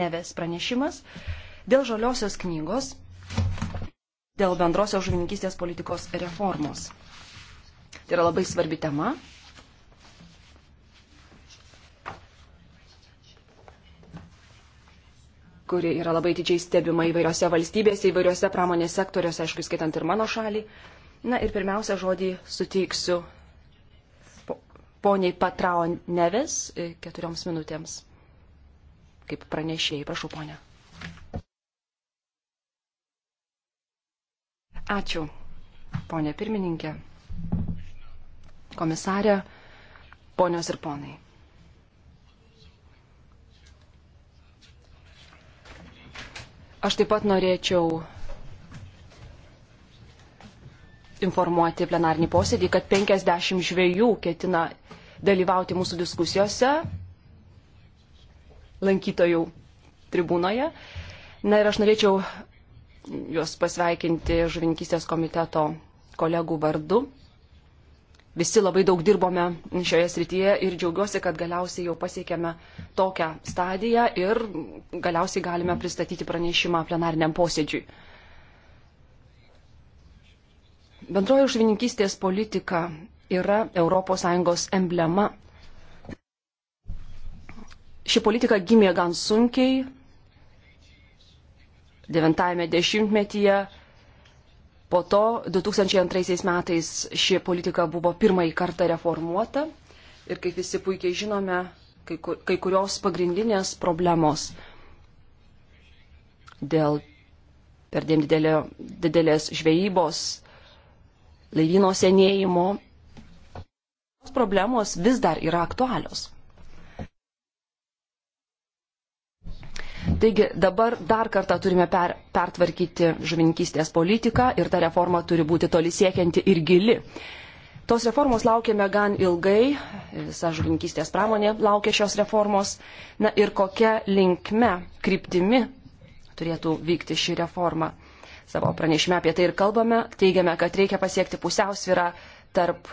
Neves pranešimas dėl žaliosios knygos, dėl bendrosios žuvininkystės politikos reformos. Tai yra labai svarbi tema. kuri yra labai didžiai stebima įvairiose valstybėse, įvairiose pramonės sektoriuose, aišku, skaitant ir mano šalį. Na ir pirmiausia, žodį suteiksiu poniai Patrao Neves e, keturioms minutėms kaip pranešėjai. Prašau, ponė. Ačiū, ponė pirmininkė, komisarė, ponios ir ponai. Aš taip pat norėčiau informuoti plenarnį posėdį, kad 50 žvėjų ketina dalyvauti mūsų diskusijose lankytojų tribūnoje. Na ir aš norėčiau juos pasveikinti žuvininkystės komiteto kolegų vardu. Visi labai daug dirbome šioje srityje ir džiaugiuosi, kad galiausiai jau pasiekėme tokią stadiją ir galiausiai galime pristatyti pranešimą plenariniam posėdžiui. Bendroji žuvininkystės politika yra ES emblema Ši politika gimė gan sunkiai. 90-ame dešimtmetyje, po to 2002 metais ši politika buvo pirmąjį kartą reformuota ir kaip visi puikiai žinome, kai, kur, kai kurios pagrindinės problemos dėl perdėm didelė, didelės žvejybos, laivyno senėjimo. Problemos vis dar yra aktualios. Taigi dabar dar kartą turime per, pertvarkyti žuvininkystės politiką ir ta reforma turi būti toli siekianti ir gili. Tos reformos laukėme gan ilgai, visa žuvininkystės pramonė laukė šios reformos. Na ir kokia linkme, kryptimi turėtų vykti ši reforma. Savo pranešime apie tai ir kalbame, teigiame, kad reikia pasiekti pusiausvyrą tarp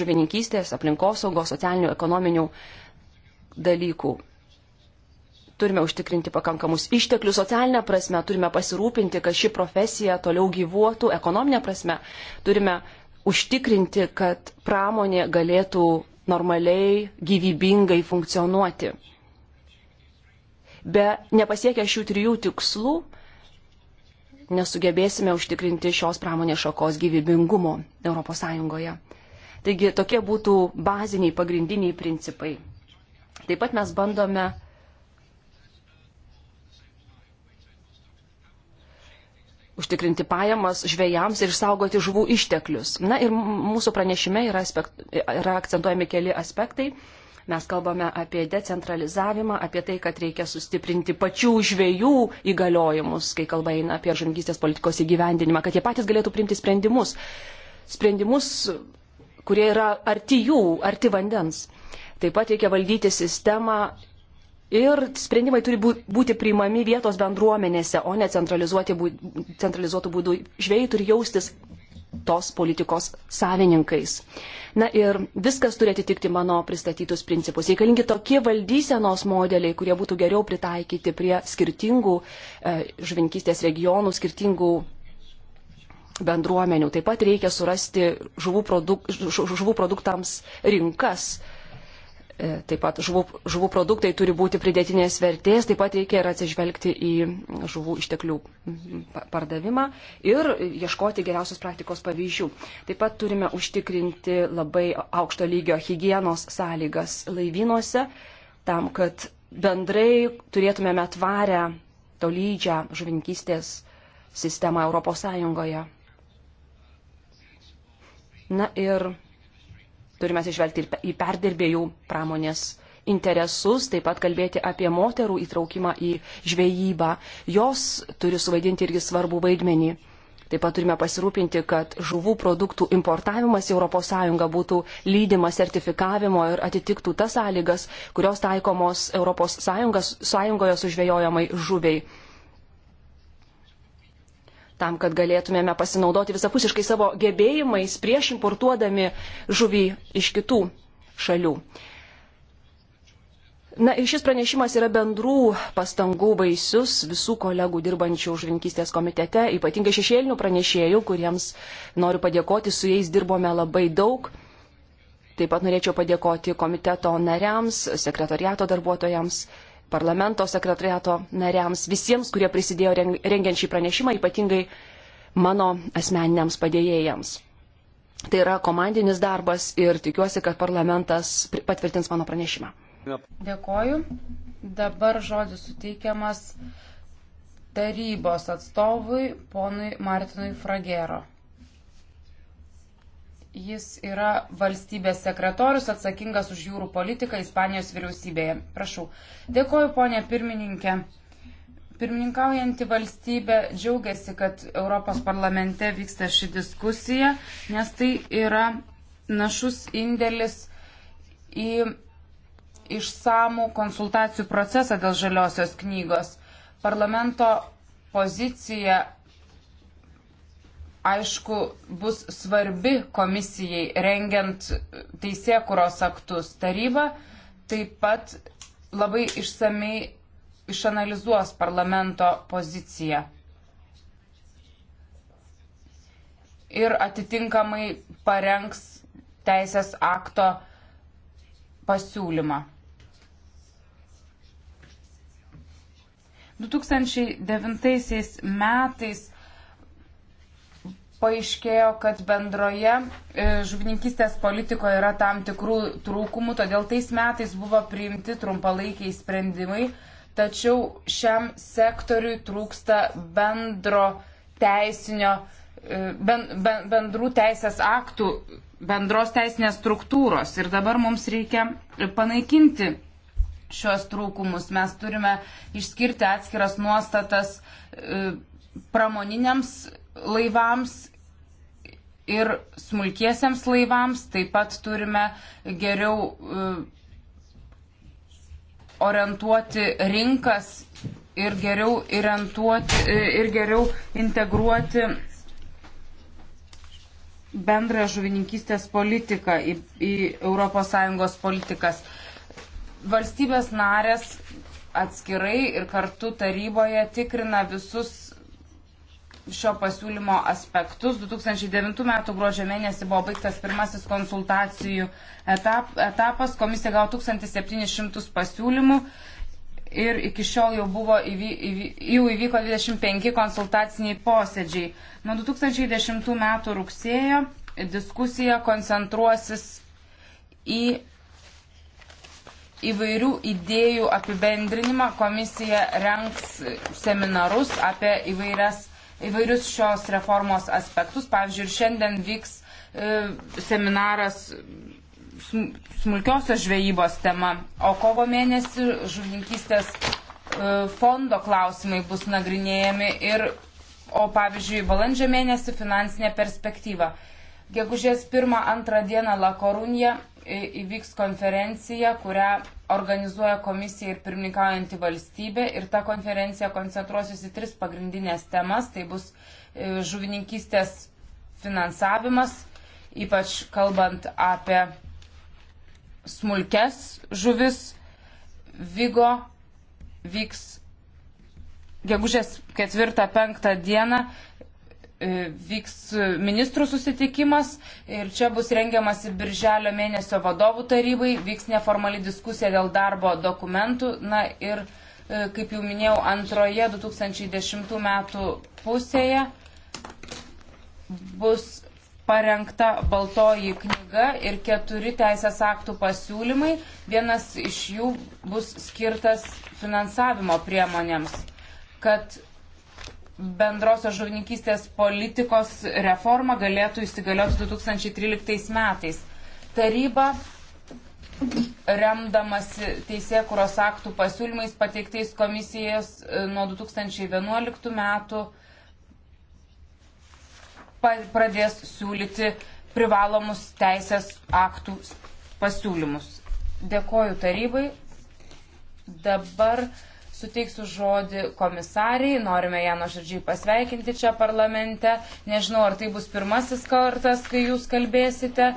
žuvininkystės, aplinkosaugos, socialinių, ekonominių dalykų turime užtikrinti pakankamus išteklius socialinę prasme, turime pasirūpinti, kad ši profesija toliau gyvuotų ekonominę prasme, turime užtikrinti, kad pramonė galėtų normaliai, gyvybingai funkcionuoti. Be nepasiekę šių trijų tikslų nesugebėsime užtikrinti šios pramonės šakos gyvybingumo ES. Taigi tokie būtų baziniai pagrindiniai principai. Taip pat mes bandome užtikrinti pajamas žvėjams ir išsaugoti žuvų išteklius. Na ir mūsų pranešime yra, aspekt, yra akcentuojami keli aspektai. Mes kalbame apie decentralizavimą, apie tai, kad reikia sustiprinti pačių žvėjų įgaliojimus, kai kalba eina apie žangystės politikos įgyvendinimą, kad jie patys galėtų priimti sprendimus. Sprendimus, kurie yra arti jų, arti vandens. Taip pat reikia valdyti sistemą ir sprendimai turi būti priimami vietos bendruomenėse, o ne centralizuotų būdų. Žvėjai turi jaustis tos politikos savininkais. Na ir viskas turi atitikti mano pristatytus principus. Reikalingi tokie valdysenos modeliai, kurie būtų geriau pritaikyti prie skirtingų e, žvinkystės regionų, skirtingų bendruomenių. Taip pat reikia surasti žuvų, produk, žuvų produktams rinkas E, taip pat žuvų, žuvų produktai turi būti pridėtinės vertės, taip pat reikia ir atsižvelgti į žuvų išteklių pardavimą ir ieškoti geriausios praktikos pavyzdžių. Taip pat turime užtikrinti labai aukšto lygio hygienos sąlygas laivynuose, tam, kad bendrai turėtumėme tvarę, tolydžią žuvininkystės sistemą Europos Sąjungoje. Na ir turime atsižvelgti ir į perdirbėjų pramonės interesus, taip pat kalbėti apie moterų įtraukimą į žvejybą. Jos turi suvaidinti irgi svarbų vaidmenį. Taip pat turime pasirūpinti, kad žuvų produktų importavimas į ES būtų lydimas sertifikavimo ir atitiktų tas sąlygas, kurios taikomos ES sąjungoje sužvėjojamai žuviai tam, kad galėtumėme pasinaudoti visapusiškai savo gebėjimais prieš importuodami žuvį iš kitų šalių. Na ir šis pranešimas yra bendrų pastangų vaisius visų kolegų dirbančių žvinkystės komitete, ypatingai šešėlinių pranešėjų, kuriems noriu padėkoti, su jais dirbome labai daug. Taip pat norėčiau padėkoti komiteto nariams, sekretoriato darbuotojams, parlamento sekretariato nariams, visiems, kurie prisidėjo rengiant šį pranešimą, ypatingai mano asmeniniams padėjėjams. Tai yra komandinis darbas ir tikiuosi, kad parlamentas patvirtins mano pranešimą. Dėkoju. Dabar žodis suteikiamas tarybos atstovui ponui Martinui Fragero. Jis yra valstybės sekretorius atsakingas už jūrų politiką Ispanijos vyriausybėje. Prašau. Dėkoju, ponė pirmininkė. Pirmininkaujanti valstybė džiaugiasi, kad Europos parlamente vyksta ši diskusija, nes tai yra našus indėlis į išsamų konsultacijų procesą dėl žaliosios knygos. Parlamento pozicija aišku, bus svarbi komisijai rengiant teisėkuros aktus. Taryba taip pat labai išsamei išanalizuos parlamento poziciją. Ir atitinkamai parengs teisės akto pasiūlymą. 2009 metais paaiškėjo, kad bendroje e, žuvininkystės politikoje yra tam tikrų trūkumų, todėl tais metais buvo priimti trumpalaikiai sprendimai, tačiau šiam sektoriui trūksta bendro teisinio, e, ben, ben, bendrų teisės aktų, bendros teisinės struktūros. Ir dabar mums reikia panaikinti šios trūkumus. Mes turime išskirti atskiras nuostatas e, pramoniniams laivams ir smulkiesiems laivams, taip pat turime geriau e, orientuoti rinkas ir geriau, e, ir geriau integruoti bendrą žuvininkystės politiką į, į ES politikas. Valstybės narės atskirai ir kartu taryboje tikrina visus šio pasiūlymo aspektus. 2009 m. gruodžio mėnesį buvo baigtas pirmasis konsultacijų etap, etapas, komisija gavo 1700 pasiūlymų ir iki šiol jau, buvo, įvy, įvy, jau įvyko 25 konsultaciniai posėdžiai. Nuo 2010 m. rugsėjo diskusija koncentruosis į įvairių idėjų apibendrinimą. Komisija renks seminarus apie įvairias įvairius šios reformos aspektus. Pavyzdžiui, ir šiandien vyks e, seminaras smulkiosios žvejybos tema, o kovo mėnesį žuvininkystės e, fondo klausimai bus nagrinėjami ir, o pavyzdžiui, balandžio mėnesį finansinė perspektyva. Gegužės 1-2 dieną Lakorunija įvyks konferencija, kurią organizuoja komisija ir pirmininkaujanti valstybė. Ir ta konferencija koncentruosis į tris pagrindinės temas. Tai bus e, žuvininkystės finansavimas, ypač kalbant apie smulkes žuvis. Vigo vyks gegužės 4-5 dieną E, vyks ministrų susitikimas ir čia bus rengiamasi birželio mėnesio vadovų tarybai, vyks neformali diskusija dėl darbo dokumentų. Na ir, e, kaip jau minėjau, antroje 2010 metų pusėje bus parengta baltoji knyga ir keturi teisės aktų pasiūlymai. Vienas iš jų bus skirtas finansavimo priemonėms, kad bendrosios žuvininkystės politikos reforma galėtų įsigalioti 2013 metais. Taryba, remdamasi teisėkuros aktų pasiūlymais pateiktais komisijos e, nuo 2011 metų, pradės siūlyti privalomus teisės aktų pasiūlymus. Dėkoju tarybai. Dabar suteiksiu žodį komisariai, norime ją nuoširdžiai pasveikinti čia parlamente. Nežinau, ar tai bus pirmasis kartas, kai jūs kalbėsite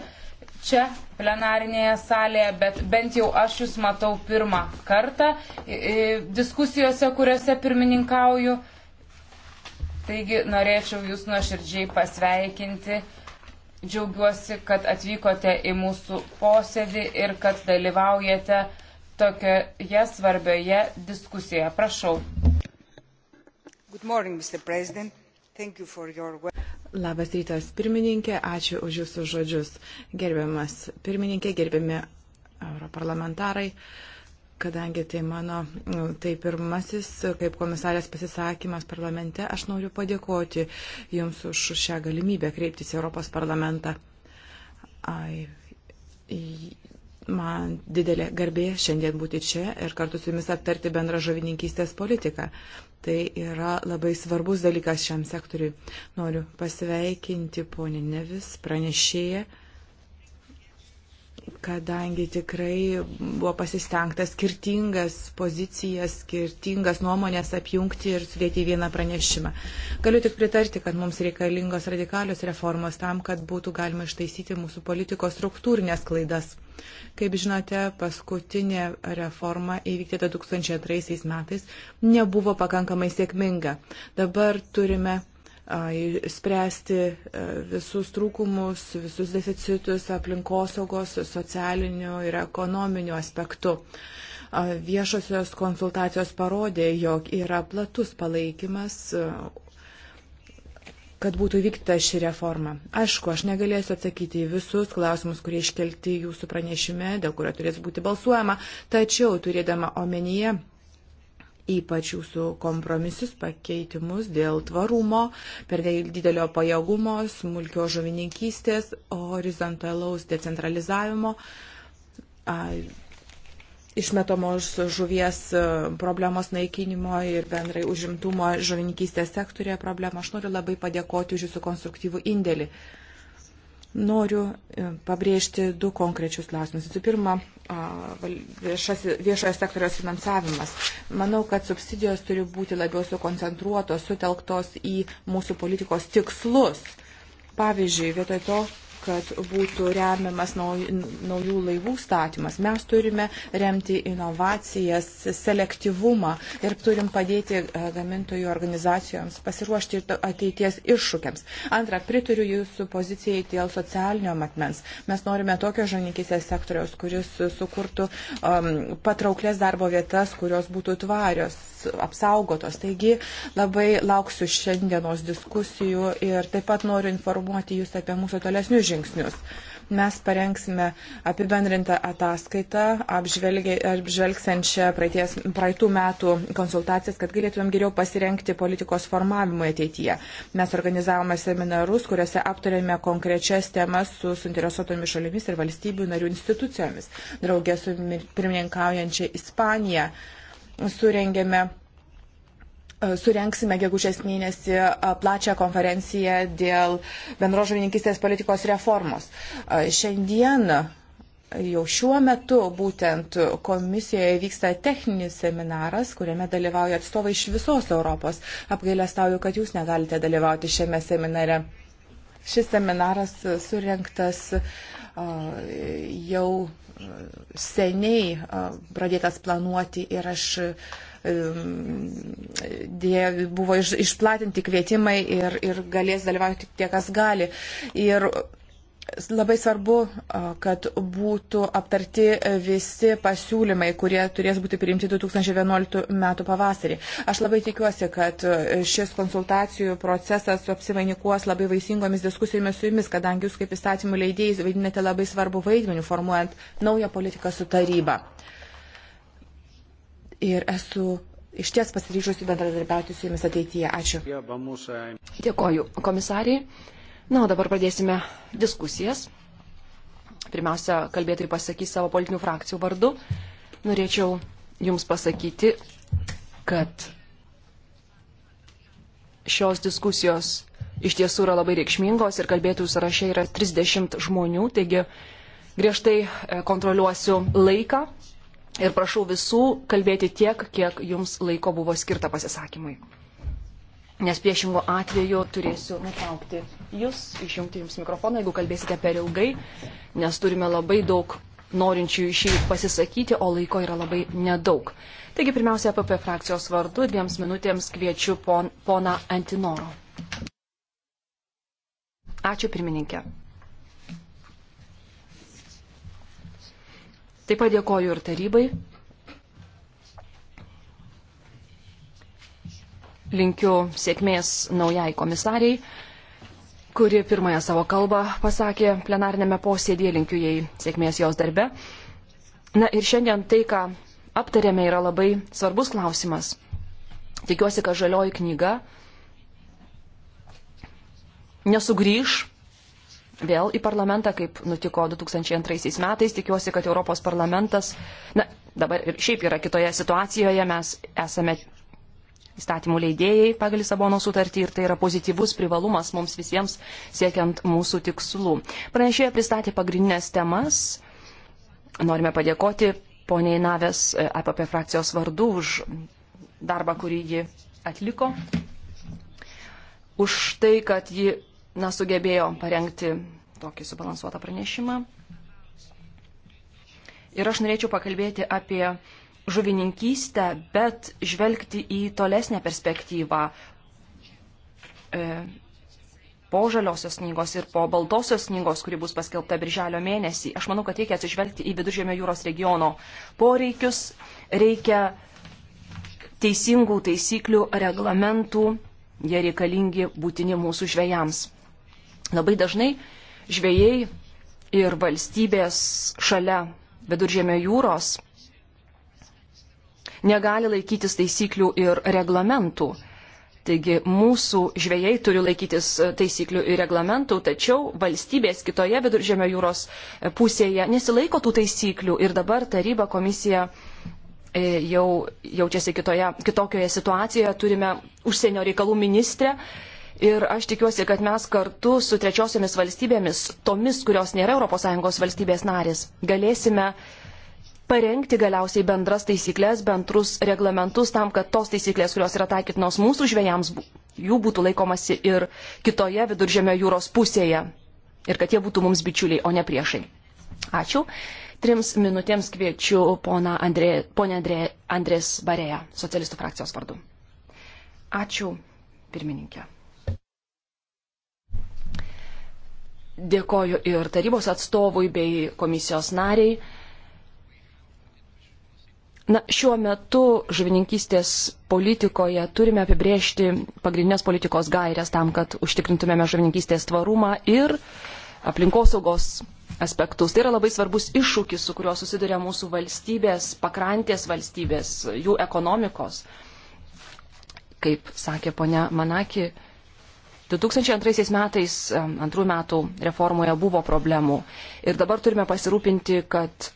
čia plenarinėje salėje, bet bent jau aš jūs matau pirmą kartą diskusijose, kuriuose pirmininkauju. Taigi norėčiau jūs nuoširdžiai pasveikinti džiaugiuosi, kad atvykote į mūsų posėdį ir kad dalyvaujate tokioje svarbioje diskusijoje. Prašau. Morning, your... Labas rytas, pirmininkė, ačiū už jūsų žodžius. Gerbiamas pirmininkė, gerbiami europarlamentarai kadangi tai mano nu, tai pirmasis kaip komisarės pasisakymas parlamente, aš noriu padėkoti Jums už šią galimybę kreiptis į Europos parlamentą. Ai, man didelė garbė šiandien būti čia ir kartu su jumis aptarti bendrą žavininkystės politiką. Tai yra labai svarbus dalykas šiam sektoriui. Noriu pasveikinti ponį Nevis, pranešėją, kadangi tikrai buvo pasistengta skirtingas pozicijas, skirtingas nuomonės apjungti ir sudėti į vieną pranešimą. Galiu tik pritarti, kad mums reikalingos radikalios reformos tam, kad būtų galima ištaisyti mūsų politikos struktūrinės klaidas Kaip žinote, paskutinė reforma įvykdyta 2003 metais nebuvo pakankamai sėkminga. Dabar turime spręsti visus trūkumus, visus deficitus aplinkosaugos, socialinių ir ekonominių aspektų. Viešosios konsultacijos parodė, jog yra platus palaikymas kad būtų vykta ši reforma. Aišku, aš negalėsiu atsakyti į visus klausimus, kurie iškelti jūsų pranešime, dėl kurio turės būti balsuojama, tačiau turėdama omenyje ypač jūsų kompromisus, pakeitimus dėl tvarumo, per didelio pajėgumo, smulkio žuvininkystės, horizontalaus decentralizavimo. A, išmetamos žuvies e, problemos naikinimo ir bendrai užimtumo žuvininkystės sektorėje problemą. Aš noriu labai padėkoti už jūsų konstruktyvų indėlį. Noriu e, pabrėžti du konkrečius klausimus. Visų pirma, viešas, viešojo sektoriaus finansavimas. Manau, kad subsidijos turi būti labiau sukoncentruotos, sutelktos į mūsų politikos tikslus. Pavyzdžiui, vietoj to, kad būtų remiamas naujų laivų statymas. Mes turime remti inovacijas, selektyvumą ir turim padėti e, gamintojų organizacijoms pasiruošti ir ateities iššūkiams. Antra, prituriu jūsų pozicijai dėl socialinio matmens. Mes norime tokio žanikysės sektoriaus, kuris sukurtų um, patrauklės darbo vietas, kurios būtų tvarios apsaugotos. Taigi labai lauksiu šiandienos diskusijų ir taip pat noriu informuoti Jūs apie mūsų tolesnius žingsnius mes parengsime apibendrintą ataskaitą, apžvelgsiančią praeities, praeitų metų konsultacijas, kad galėtumėm geriau pasirenkti politikos formavimui ateityje. Mes organizavome seminarus, kuriuose aptarėme konkrečias temas su suinteresuotomis šalimis ir valstybių narių institucijomis, draugė su pirmininkaujančia Ispanija surengėme e, surenksime gegužės mėnesį e, plačią konferenciją dėl bendros žuvininkistės politikos reformos. E, šiandien jau šiuo metu būtent komisijoje vyksta techninis seminaras, kuriame dalyvauja atstovai iš visos Europos. Apgailestauju, kad jūs negalite dalyvauti šiame seminare. Šis seminaras surinktas jau seniai pradėtas planuoti ir aš dė, buvo iš, išplatinti kvietimai ir, ir galės dalyvauti tie, kas gali. Ir Labai svarbu, kad būtų aptarti visi pasiūlymai, kurie turės būti priimti 2011 metų pavasarį. Aš labai tikiuosi, kad šis konsultacijų procesas apsivainikuos labai vaisingomis diskusijomis su jumis, kadangi jūs kaip įstatymų leidėjais vaidinate labai svarbu vaidmenį formuojant naują politiką su taryba. Ir esu iš ties pasiryžusi bendradarbiauti su jumis ateityje. Ačiū. Dėkoju komisariai. Na, o dabar pradėsime diskusijas. Pirmiausia, kalbėtojai pasakys savo politinių frakcijų vardu. Norėčiau Jums pasakyti, kad šios diskusijos iš tiesų yra labai reikšmingos ir kalbėtojų sąraše yra 30 žmonių, taigi griežtai e, kontroliuosiu laiką ir prašau visų kalbėti tiek, kiek jums laiko buvo skirta pasisakymui nes priešingo atveju turėsiu nutraukti jūs, išjungti jums mikrofoną, jeigu kalbėsite per ilgai, nes turime labai daug norinčių iš jį pasisakyti, o laiko yra labai nedaug. Taigi pirmiausia, PP frakcijos vardu dviems minutėms kviečiu pon, poną Antinoro. Ačiū pirmininkė. Taip pat dėkoju ir tarybai linkiu sėkmės naujai komisariai, kuri pirmąją savo kalbą pasakė plenarinėme posėdėje, linkiu jai sėkmės jos darbe. Na ir šiandien tai, ką aptarėme, yra labai svarbus klausimas. Tikiuosi, kad žalioji knyga nesugryž vėl į parlamentą, kaip nutiko 2002 metais. Tikiuosi, kad Europos parlamentas, na, dabar ir šiaip yra kitoje situacijoje, mes esame įstatymų leidėjai pagal Lisabono sutartį ir tai yra pozityvus privalumas mums visiems siekiant mūsų tikslų. Pranešėja pristatė pagrindinės temas. Norime padėkoti poniai Navės e, APP frakcijos vardu už darbą, kurį ji atliko, už tai, kad ji na, sugebėjo parengti tokį subalansuotą pranešimą. Ir aš norėčiau pakalbėti apie žuvininkystę, bet žvelgti į tolesnę perspektyvą e, po žaliosios knygos ir po baltosios knygos, kuri bus paskelbta birželio mėnesį. Aš manau, kad reikia atsižvelgti į viduržėmio jūros regiono poreikius, reikia teisingų taisyklių, reglamentų, jie reikalingi būtini mūsų žvėjams. Labai dažnai žvėjai ir valstybės šalia viduržėmio jūros negali laikytis taisyklių ir reglamentų. Taigi mūsų žvėjai turi laikytis e, taisyklių ir reglamentų, tačiau valstybės kitoje viduržėmio jūros e, pusėje nesilaiko tų taisyklių ir dabar taryba komisija e, jau jaučiasi kitoje, kitokioje situacijoje, turime užsienio reikalų ministrę. Ir aš tikiuosi, kad mes kartu su trečiosiomis valstybėmis, tomis, kurios nėra ES valstybės narės, galėsime uh, parengti galiausiai bendras taisyklės, bendrus reglamentus tam, kad tos taisyklės, kurios yra taikytinos mūsų žvėjams, jų būtų laikomasi ir kitoje viduržėmio jūros pusėje. Ir kad jie būtų mums bičiuliai, o ne priešai. Ačiū. Trims minutėms kviečiu ponę Andrė, Andrė, Andrės Barėją, socialistų frakcijos vardu. Ačiū, pirmininkė. Dėkoju ir tarybos atstovui bei komisijos nariai Na, šiuo metu žuvininkystės politikoje turime apibriežti pagrindinės politikos gairias tam, kad užtikrintumėme žuvininkystės tvarumą ir aplinkosaugos aspektus. Tai yra labai svarbus iššūkis, su kuriuo susiduria mūsų valstybės, pakrantės valstybės, jų ekonomikos. Kaip sakė ponia Manaki, 2002 metais, antrų metų reformoje buvo problemų ir dabar turime pasirūpinti, kad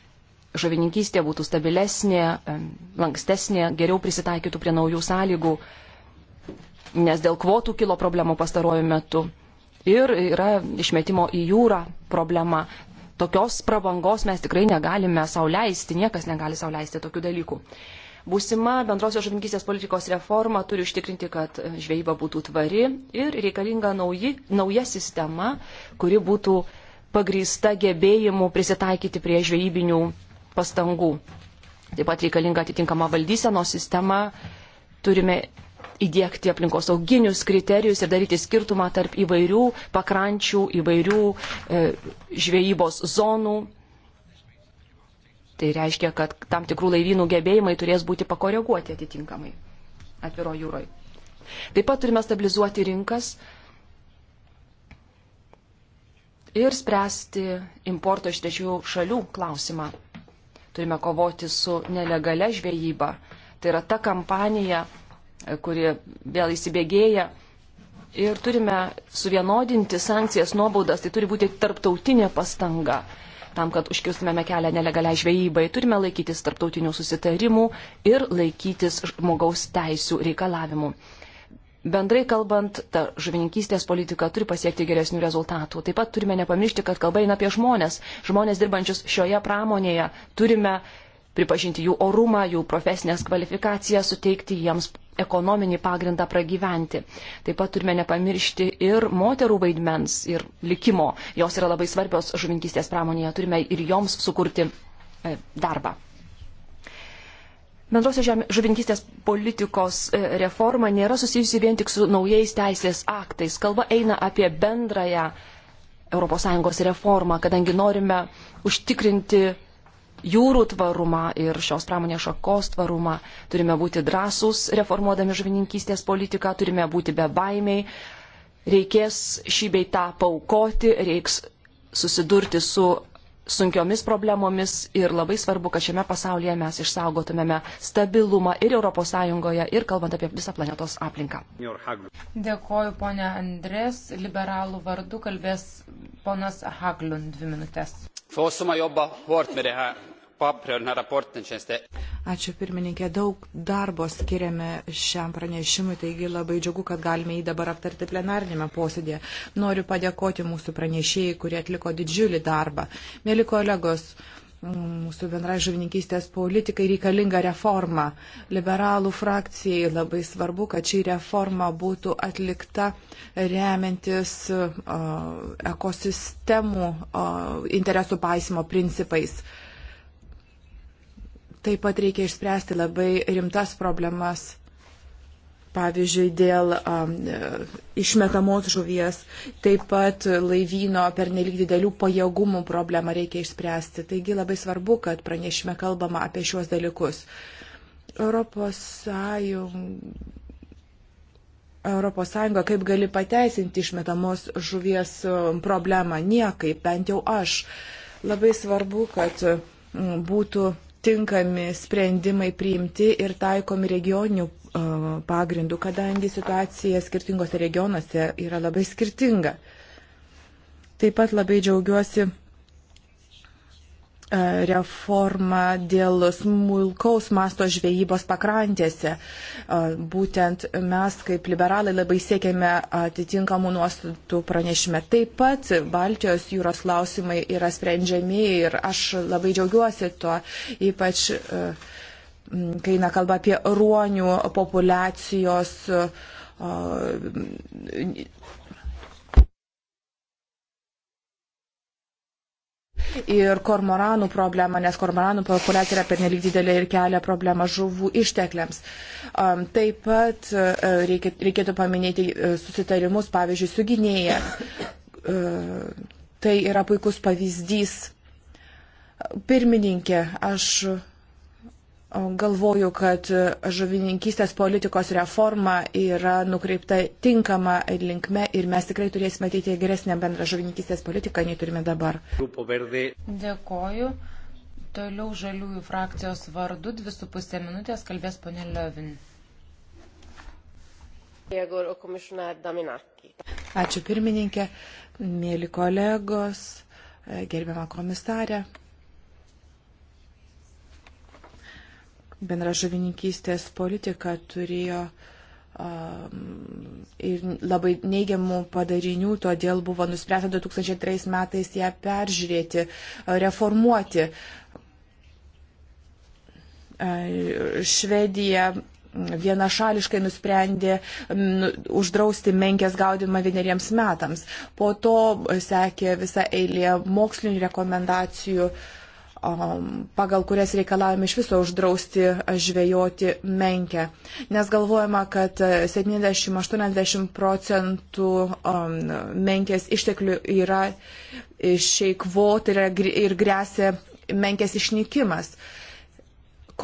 žavininkystė būtų stabilesnė, lankstesnė, geriau prisitaikytų prie naujų sąlygų, nes dėl kvotų kilo problemų pastarojų metų. Ir yra išmetimo į jūrą problema. Tokios prabangos mes tikrai negalime sauliaisti, niekas negali sauliaisti tokių dalykų. Būsima bendrosios žuvininkystės politikos reforma turi užtikrinti, kad žvejyba būtų tvari ir reikalinga nauji, nauja sistema, kuri būtų pagrįsta gebėjimu prisitaikyti prie žvejybinių pastangų. Taip pat reikalinga atitinkama valdysenos sistema, turime įdėkti aplinkos auginius kriterijus ir daryti skirtumą tarp įvairių pakrančių, įvairių e, žvejybos zonų. Tai reiškia, kad tam tikrų laivynų gebėjimai turės būti pakoreguoti atitinkamai atviro jūroje. Taip pat turime stabilizuoti rinkas ir spręsti importo iš trečių šalių klausimą turime kovoti su nelegale žvejyba. Tai yra ta kampanija, kuri vėl įsibėgėja. Ir turime suvienodinti sankcijas nuobaudas, tai turi būti tarptautinė pastanga tam, kad užkirstumėme kelią nelegaliai žvejybai, turime laikytis tarptautinių susitarimų ir laikytis žmogaus teisų reikalavimų bendrai kalbant, ta žuvininkystės politika turi pasiekti geresnių rezultatų. Taip pat turime nepamiršti, kad kalba eina apie žmonės, žmonės dirbančius šioje pramonėje. Turime pripažinti jų orumą, jų profesinės kvalifikacijas, suteikti jiems ekonominį pagrindą pragyventi. Taip pat turime nepamiršti ir moterų vaidmens ir likimo. Jos yra labai svarbios žuvinkystės pramonėje. Turime ir joms sukurti e, darbą. Bendrosios žuvininkystės politikos e, reforma nėra susijusi vien tik su naujais teisės aktais. Kalba eina apie bendrąją ES reformą, kadangi norime užtikrinti jūrų tvarumą ir šios pramonės šakos tvarumą. Turime būti drąsūs reformuodami žuvininkystės politiką, turime būti bebaimiai, reikės šį beitą paukoti, reiks susidurti su sunkiomis problemomis ir labai svarbu, kad šiame pasaulyje mes išsaugotumėme stabilumą ir ES, ir kalbant apie visą planetos aplinką. Dėkoju, ponia Andrės. Liberalų vardu kalbės ponas Haglund dvi minutės. Ačiū pirmininkė, daug darbo skiriame šiam pranešimui, taigi labai džiugu, kad galime jį dabar aptarti plenarnėme posėdėje. Noriu padėkoti mūsų pranešėjai, kurie atliko didžiulį darbą. Mėly kolegos, mūsų bendrai žuvininkystės politikai reikalinga reforma. Liberalų frakcijai labai svarbu, kad ši reforma būtų atlikta remiantis uh, ekosistemų uh, interesų paisimo principais. Uh, Taip pat reikia išspręsti labai rimtas problemas pavyzdžiui, dėl um, išmetamos žuvies, taip pat laivyno per nelik didelių pajėgumų problemą reikia išspręsti. Taigi labai svarbu, kad pranešime kalbama apie šiuos dalykus. Europos, sąjung... Europos Sąjunga kaip gali pateisinti išmetamos žuvies um, problemą? Niekaip, bent jau aš. Labai svarbu, kad um, būtų tinkami sprendimai priimti ir taikomi regioninių pagrindų, kadangi situacija skirtingose regionuose yra labai skirtinga. Taip pat labai džiaugiuosi E, reforma dėl smulkaus masto žvejybos pakrantėse. E, būtent mes kaip liberalai labai siekiame atitinkamų nuostatų pranešime. Taip pat Baltijos jūros klausimai yra sprendžiami ir aš labai džiaugiuosi tuo, ypač e, kai eina kalba apie ruonių populacijos ir kormoranų problemą, nes kormoranų populiacija yra pernelyg didelė ir kelia problemą žuvų ištekliams. Taip pat e, reikėtų paminėti e, susitarimus, pavyzdžiui, su gynėja. E, tai yra puikus pavyzdys. Pirmininkė, aš Galvoju, kad žuvininkystės politikos reforma yra nukreipta tinkama linkme ir mes tikrai turėsime ateiti geresnę bendrą žuvininkystės politiką, nei turime dabar. Dėkoju. Toliau žaliųjų frakcijos vardu 2,5 minutės kalbės ponė Liovin. Ačiū pirmininkė, mėly kolegos, gerbiama komisarė. bendra žuvininkystės politika turėjo ir labai neigiamų padarinių, todėl buvo nuspręsta 2003 metais ją peržiūrėti, reformuoti. Švedija vienašališkai nusprendė nu, uždrausti menkės gaudimą vieneriems metams. Po to sekė visa eilė mokslinių rekomendacijų uh, Um, pagal kurias reikalavim iš viso uždrausti žvejoti menkę. Nes galvojama, kad 70-80 procentų um, menkės išteklių yra išeikvot tai ir grėsia menkės išnykimas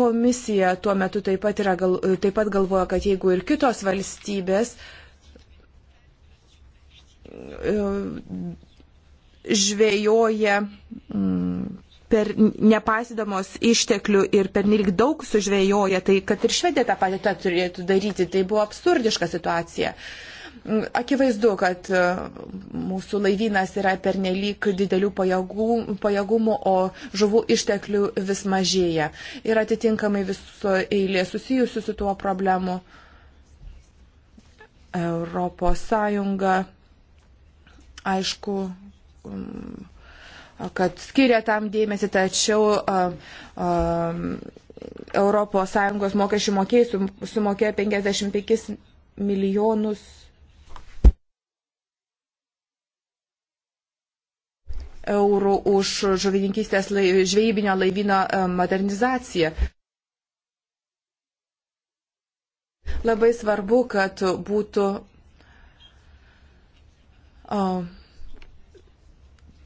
komisija tuo metu taip pat, yra, gal, taip pat galvoja, kad jeigu ir kitos valstybės e, žvėjoja per nepaisydamos išteklių ir per nelik daug sužvėjoja, tai kad ir švedė tą patį tą turėtų daryti, tai buvo absurdiška situacija. Mm, akivaizdu, kad e, mūsų laivynas yra per nelik didelių pajėgų, pajėgumų, o žuvų išteklių vis mažėja. Ir atitinkamai viso eilė susijusių su tuo problemu. Europos Sąjunga, aišku, um, kad skiria tam dėmesį, tačiau ES mokesčių mokėjai sumokėjo 55 milijonus eurų už žuvininkystės laiv, žvejybinio laivyno modernizaciją. Labai svarbu, kad būtų o,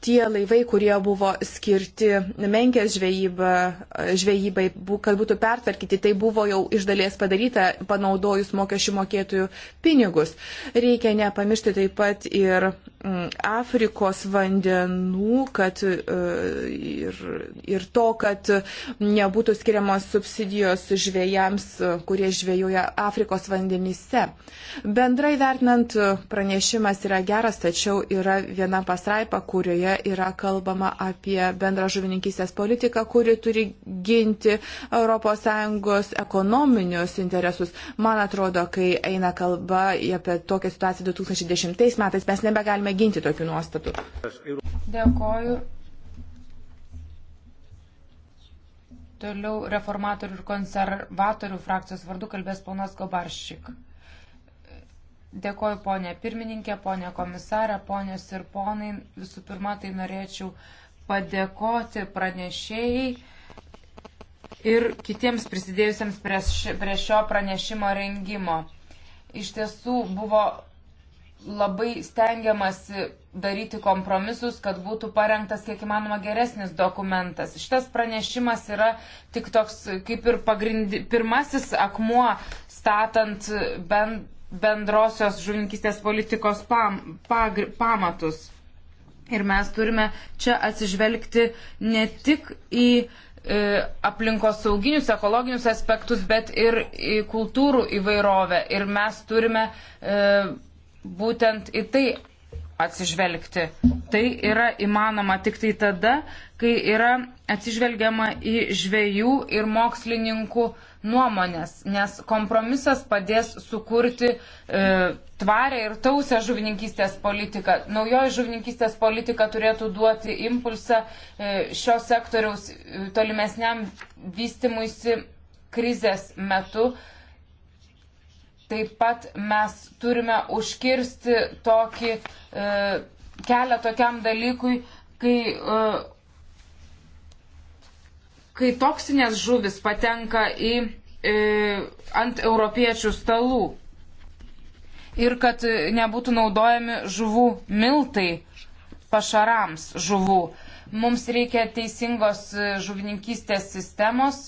tie laivai, kurie buvo skirti menkės žvejyba, žvejybai, kad būtų pertvarkyti, tai buvo jau iš dalies padaryta panaudojus mokesčių mokėtojų pinigus. Reikia nepamiršti taip pat ir mm, Afrikos vandenų kad, e, ir, ir to, kad nebūtų skiriamos subsidijos žvėjams, kurie žvėjoja Afrikos vandenyse. Bendrai vertinant, pranešimas yra geras, tačiau yra viena pasraipa, kurioje kurioje yra kalbama apie bendrą žuvininkystės politiką, kuri turi ginti ES ekonominius interesus. Man atrodo, kai eina kalba apie tokią situaciją 2010 metais, mes nebegalime ginti tokių nuostatų. Dėkoju. Toliau reformatorių ir konservatorių frakcijos vardu kalbės ponas Gobarščik. Dėkoju ponė pirmininkė, ponė komisarė, ponės ir ponai. Visų pirma, tai norėčiau padėkoti pranešėjai ir kitiems prisidėjusiems prie šio pranešimo rengimo. Iš tiesų buvo labai stengiamasi daryti kompromisus, kad būtų parengtas kiek įmanoma geresnis dokumentas. Šitas pranešimas yra tik toks kaip ir pagrindi, pirmasis akmuo statant bent bendrosios žuvininkistės politikos pam, pagri, pamatus. Ir mes turime čia atsižvelgti ne tik į e, aplinkos sauginius, ekologinius aspektus, bet ir į kultūrų įvairovę. Ir mes turime e, būtent į tai atsižvelgti. Tai yra įmanoma tik tai tada, kai yra atsižvelgiama į žvėjų ir mokslininkų e, nuomonės, nes kompromisas padės sukurti e, tvarę ir tausią žuvininkystės politiką. Naujoji žuvininkystės politika turėtų duoti impulsą e, šio sektoriaus e, tolimesniam vystimuisi krizės metu. Taip pat mes turime užkirsti tokį e, kelią tokiam dalykui, kai e, kai toksinės žuvis patenka į, e, ant europiečių stalų ir kad e, nebūtų naudojami žuvų miltai pašarams žuvų. Mums reikia teisingos e, žuvininkystės sistemos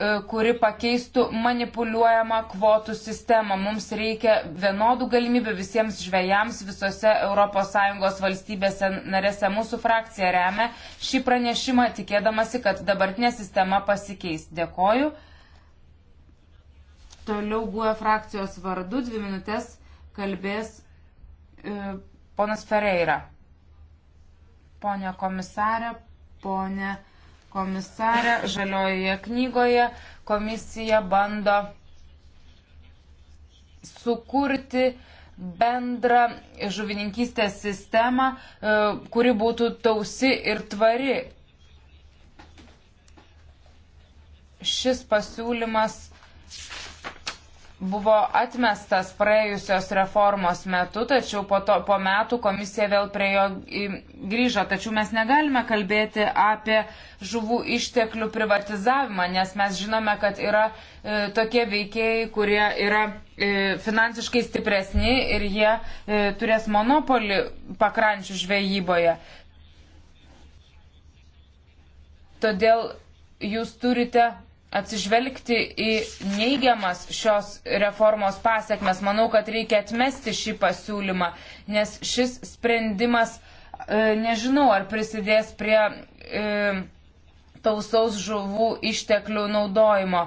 E, kuri pakeistų manipuliuojamą kvotų sistemą. Mums reikia vienodų galimybių visiems žvėjams visose ES valstybėse narėse. Mūsų frakcija remia šį pranešimą, tikėdamasi, kad dabartinė sistema pasikeis. Dėkoju. Toliau buvo e frakcijos vardu, dvi minutės kalbės e, ponas Ferreira. Pone komisarė, pone komisarė, žaliojoje knygoje komisija bando sukurti bendrą žuvininkystės sistemą, e, kuri būtų tausi ir tvari. Šis pasiūlymas buvo atmestas praėjusios reformos metu, tačiau po, to, po metų komisija vėl prie jo grįžo. Tačiau mes negalime kalbėti apie žuvų išteklių privatizavimą, nes mes žinome, kad yra e, tokie veikėjai, kurie yra e, finansiškai stipresni ir jie e, turės monopolį pakrančių žvejyboje. Todėl jūs turite atsižvelgti į neigiamas šios reformos pasiekmes. Manau, kad reikia atmesti šį pasiūlymą, nes šis sprendimas, e, nežinau, ar prisidės prie e, tausaus žuvų išteklių naudojimo.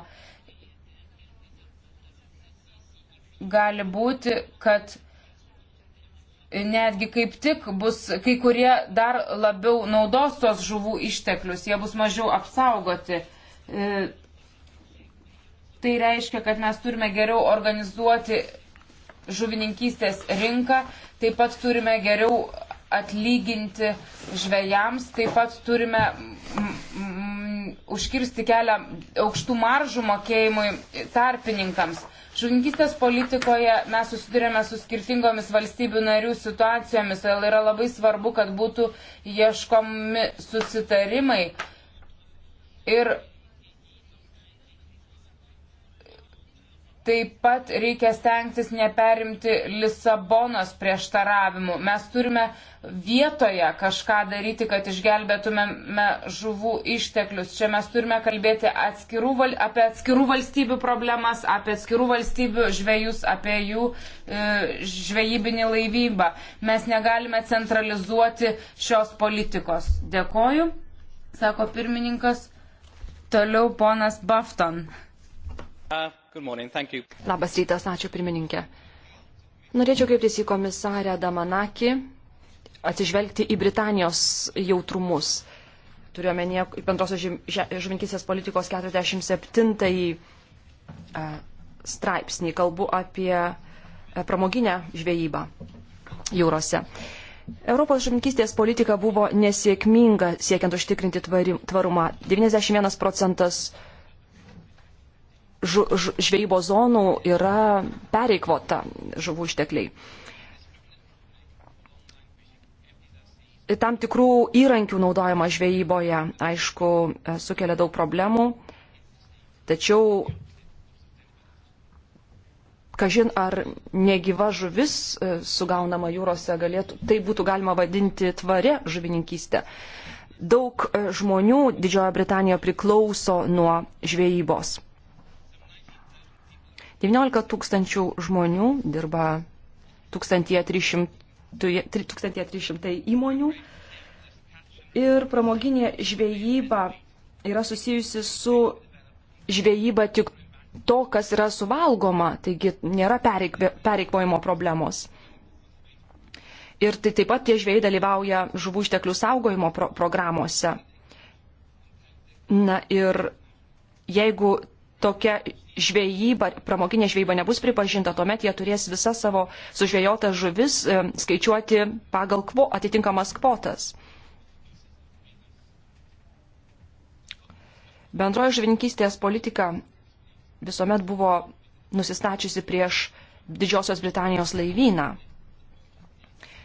Gali būti, kad netgi kaip tik bus kai kurie dar labiau naudos tos žuvų išteklius, jie bus mažiau apsaugoti. E, Tai reiškia, kad mes turime geriau organizuoti žuvininkystės rinką, taip pat turime geriau atlyginti žvėjams, taip pat turime užkirsti kelią aukštų maržų mokėjimui tarpininkams. Žuvininkystės politikoje mes susidurėme su skirtingomis valstybių narių situacijomis, todėl yra labai svarbu, kad būtų ieškomi susitarimai. Ir Taip pat reikia stengtis neperimti Lisabonos prieštaravimų. Mes turime vietoje kažką daryti, kad išgelbėtumėme žuvų išteklius. Čia mes turime kalbėti atskirų, apie atskirų valstybių problemas, apie atskirų valstybių žvėjus, apie jų e, žvejybinį laivybą. Mes negalime centralizuoti šios politikos. Dėkoju, sako pirmininkas. Toliau ponas Bafton. Uh. Labas rytas, ačiū pirmininkė. Norėčiau kreiptis į komisarę Damanaki, atsižvelgti į Britanijos jautrumus. Turiuomenė bendrosios žuvinkysės politikos 47 straipsnį, kalbu apie pramoginę žvejybą jūrose. Europos žuvininkystės politika buvo nesėkminga siekiant užtikrinti tvarumą. 91 procentas žvejybo zonų yra pereikvota žuvų ištekliai. Tam tikrų įrankių naudojama žvejyboje, aišku, e, sukelia daug problemų, tačiau kažin ar negyva žuvis e, sugaunama jūrose galėtų, tai būtų galima vadinti tvaria žuvininkystė. Daug e, žmonių Didžiojo Britanijoje priklauso nuo žvejybos. 19 tūkstančių žmonių dirba 1300, 1300 įmonių ir pramoginė žvejyba yra susijusi su žvejyba tik to, kas yra suvalgoma, taigi nėra pereikvojimo problemos. Ir tai taip pat tie žvėjai dalyvauja žuvų išteklių saugojimo pro programuose. Na ir jeigu tokia žvejyba, pramoginė žvejyba nebus pripažinta, tuomet jie turės visą savo sužvėjotą žuvis e, skaičiuoti pagal kvo, atitinkamas kvotas. Bendroji žvininkystės politika visuomet buvo nusistačiusi prieš Didžiosios Britanijos laivyną.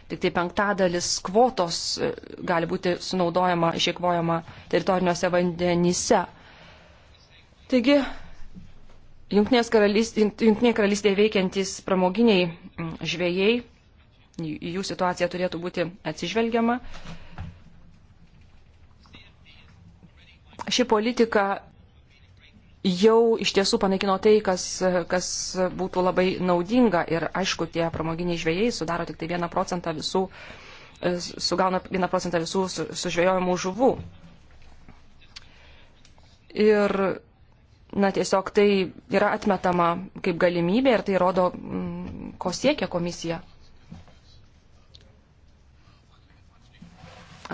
Tik tai penktadalis kvotos e, gali būti sunaudojama, išeikvojama teritoriniuose vandenyse. Taigi Junktinėje karalystėje, karalystėje veikiantys pramoginiai mm, žvėjai, jų situacija turėtų būti atsižvelgiama. Ši politika jau iš tiesų panaikino tai, kas, kas būtų labai naudinga ir aišku, tie pramoginiai žvėjai sudaro tik tai 1 procentą visų, e, sugauna 1 procentą visų sužvėjojimų žuvų. Ir na, tiesiog tai yra atmetama kaip galimybė ir tai rodo, mm, ko siekia komisija.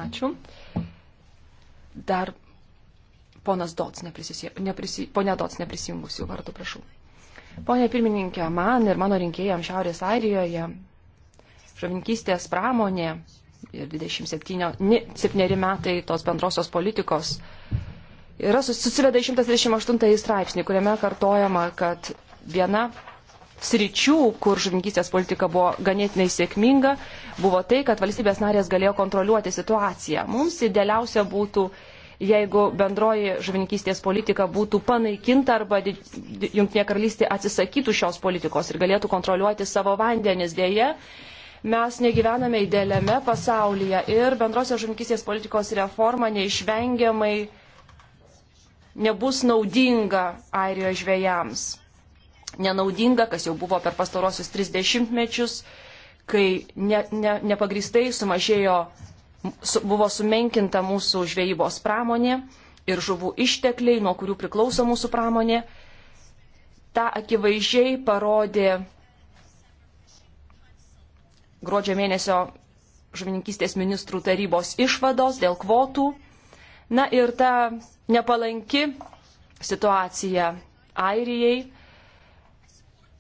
Ačiū. Dar ponas Dots neprisijungusių, neprisi, ponia Dots neprisijungusių vardu, prašau. Pone pirmininkė, man ir mano rinkėjams Šiaurės Airijoje žavinkystės pramonė ir 27 ne, metai tos bendrosios politikos uh, yra susiveda 138 straipsnį, kuriame kartojama, kad viena sričių, kur žuvininkystės politika buvo ganėtinai sėkminga, buvo tai, kad valstybės narės galėjo kontroliuoti situaciją. Mums idealiausia būtų, jeigu bendroji žuvininkystės politika būtų panaikinta arba Junktinė karalystė atsisakytų šios politikos ir galėtų kontroliuoti savo vandenis dėje. Mes negyvename idealiame pasaulyje ir bendrosios žuvininkystės politikos reforma neišvengiamai uh, nebus naudinga Airijos žvėjams. Nenaudinga, kas jau buvo per pastarosius 30 mečius, kai ne, ne, nepagristai sumažėjo, su, buvo sumenkinta mūsų žvejybos pramonė ir žuvų ištekliai, nuo kurių priklauso mūsų pramonė. Ta akivaizdžiai parodė gruodžio mėnesio žuvininkystės ministrų tarybos išvados dėl kvotų Na ir ta nepalanki situacija Airijai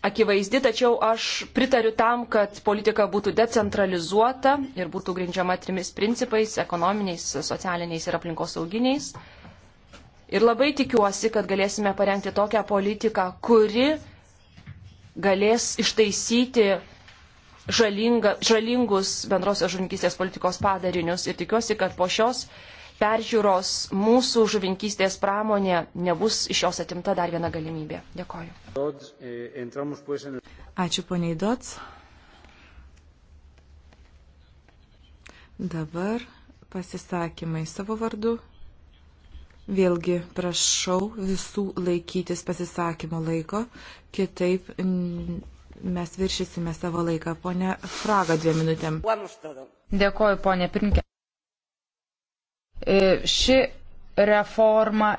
akivaizdi, tačiau aš pritariu tam, kad politika būtų decentralizuota ir būtų grindžiama trimis principais - ekonominiais, socialiniais ir aplinkosauginiais. Ir labai tikiuosi, kad galėsime parengti tokią politiką, kuri galės ištaisyti žalinga, žalingus bendrosios žuvininkystės politikos padarinius. Ir tikiuosi, kad po šios peržiūros mūsų žuvinkystės pramonė nebus iš jos atimta dar viena galimybė. Dėkoju. Ačiū poniai Dots. Dabar pasisakymai savo vardu. Vėlgi prašau visų laikytis pasisakymo laiko, kitaip mes viršysime savo laiką. Pone Fraga, dviem minutėm. Dėkoju, ponė Prinkė. E, ši reforma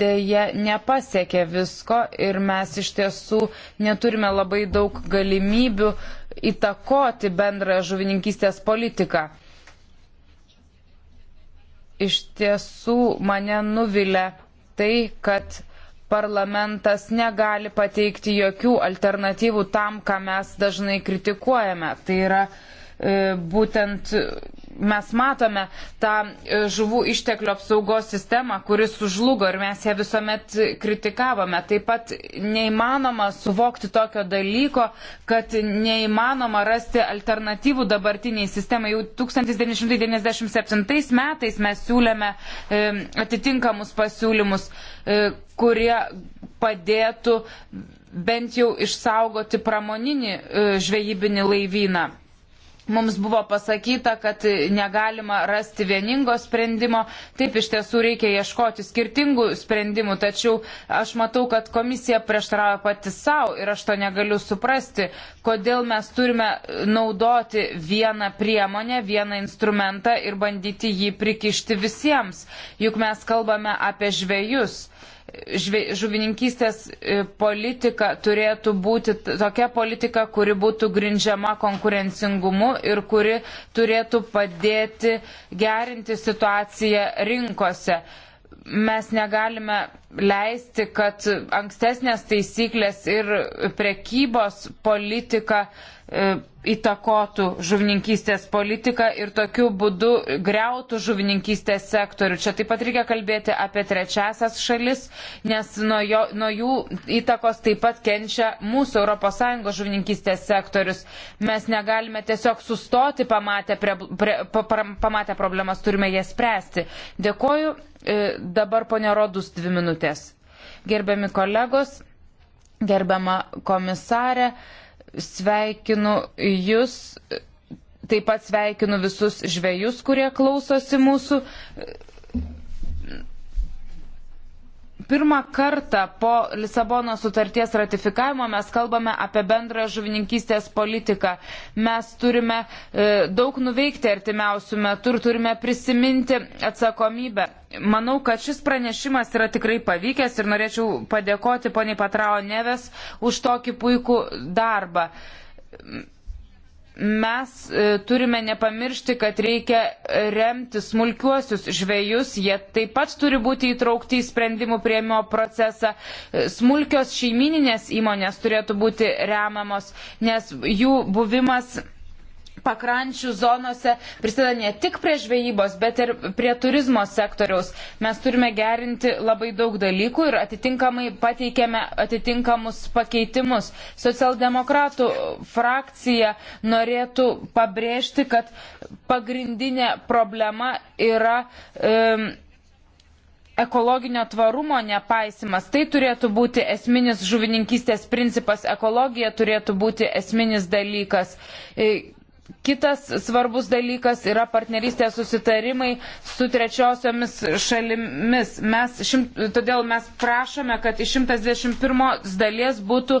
dėje nepasiekė visko ir mes iš tiesų neturime labai daug galimybių įtakoti bendrąją žuvininkystės politiką. Iš tiesų mane nuvilia tai, kad parlamentas negali pateikti jokių alternatyvų tam, ką mes dažnai kritikuojame. Tai yra E, būtent mes matome tą e, žuvų išteklių apsaugos sistemą, kuris sužlugo ir mes ją visuomet kritikavome. Taip pat neįmanoma suvokti tokio dalyko, kad neįmanoma rasti alternatyvų dabartiniai sistemai. Jau 1997 metais mes siūlėme e, atitinkamus pasiūlymus, kurie padėtų bent jau išsaugoti pramoninį žvejybinį laivyną. Mums buvo pasakyta, kad negalima rasti vieningo sprendimo. Taip iš tiesų reikia ieškoti skirtingų sprendimų, tačiau aš matau, kad komisija prieštarauja pati savo ir aš to negaliu suprasti, kodėl mes turime naudoti vieną priemonę, vieną instrumentą ir bandyti jį prikišti visiems. Juk mes kalbame apie žvėjus žuvininkystės e, politika turėtų būti tokia politika, kuri būtų grindžiama konkurencingumu ir kuri turėtų padėti gerinti situaciją rinkose mes negalime leisti, kad ankstesnės taisyklės ir prekybos politika e, įtakotų žuvininkystės politiką ir tokiu būdu greutų žuvininkystės sektorių. Čia taip pat reikia kalbėti apie trečiasias šalis, nes nuo, jo, nuo jų įtakos taip pat kenčia mūsų ES žuvininkystės sektorius. Mes negalime tiesiog sustoti pamatę, prie, prie, pamatę problemas, turime jas spręsti. Dėkoju E, dabar ponė Rodus dvi minutės. Gerbiami kolegos, gerbiama komisarė, sveikinu Jūs Taip pat sveikinu visus žvėjus, kurie klausosi mūsų. Pirmą kartą po Lisabono sutarties ratifikavimo mes kalbame apie bendrą žuvininkystės politiką. Mes turime e, daug nuveikti artimiausių metų ir turime prisiminti atsakomybę. Manau, kad šis pranešimas yra tikrai pavykęs ir norėčiau padėkoti poniai Patrao Neves už tokį puikų darbą mes e, turime nepamiršti, kad reikia remti smulkiuosius žvėjus, jie taip pat turi būti įtraukti į sprendimų prieimimo procesą. E, smulkios šeimininės įmonės turėtų būti remamos, nes jų buvimas pakrančių zonose prisideda ne tik prie žvejybos, bet ir prie turizmo sektoriaus. Mes turime gerinti labai daug dalykų ir atitinkamai pateikėme atitinkamus pakeitimus. Socialdemokratų frakcija norėtų pabrėžti, kad pagrindinė problema yra. Um, ekologinio tvarumo nepaisimas. Tai turėtų būti esminis žuvininkystės principas, ekologija turėtų būti esminis dalykas. E, Kitas svarbus dalykas yra partnerystės susitarimai su trečiosiomis šalimis. Mes šimt, todėl mes prašome, kad iš 121 dalies būtų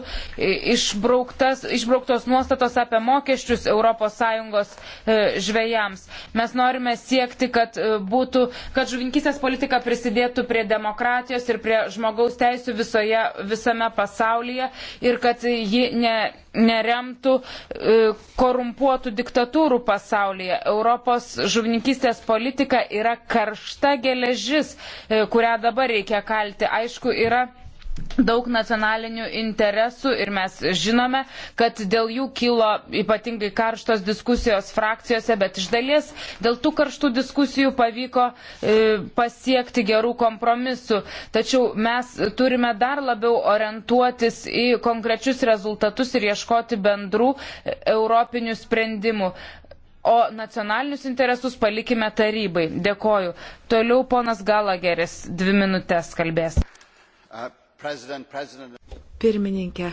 išbrauktos nuostatos apie mokesčius ES e, žvėjams. Mes norime siekti, kad, e, būtų, kad žuvinkysės politika prisidėtų prie demokratijos ir prie žmogaus teisų visoje, visame pasaulyje ir kad ji ne neremtų e, korumpuotų diktatūrų pasaulyje. Europos žuvininkystės politika yra karšta geležis, e, kurią dabar reikia kalti. Aišku, yra daug nacionalinių interesų ir mes žinome, kad dėl jų kilo ypatingai karštos diskusijos frakcijose, bet iš dalies dėl tų karštų diskusijų pavyko e, pasiekti gerų kompromisų. Tačiau mes turime dar labiau orientuotis į konkrečius rezultatus ir ieškoti bendrų e, europinių sprendimų. O nacionalinius interesus palikime tarybai. Dėkoju. Toliau ponas Galageris dvi minutės kalbės. Uh. President, President. Pirmininkė,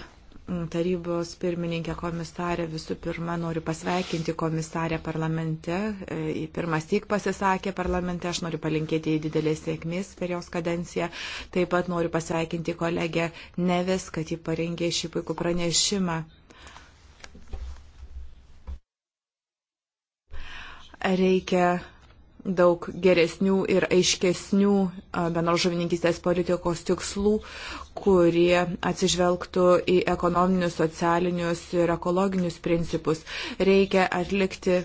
tarybos pirmininkė komisarė, visų pirma, noriu pasveikinti komisarę parlamente. Į e, pirmas tik pasisakė parlamente, aš noriu palinkėti į didelės sėkmės per jos kadenciją. Taip pat noriu pasveikinti kolegę Neves, kad ji parengė šį puikų pranešimą. Reikia daug geresnių ir aiškesnių bendros žuvininkystės politikos tikslų, kurie atsižvelgtų į ekonominius, socialinius ir ekologinius principus. Reikia atlikti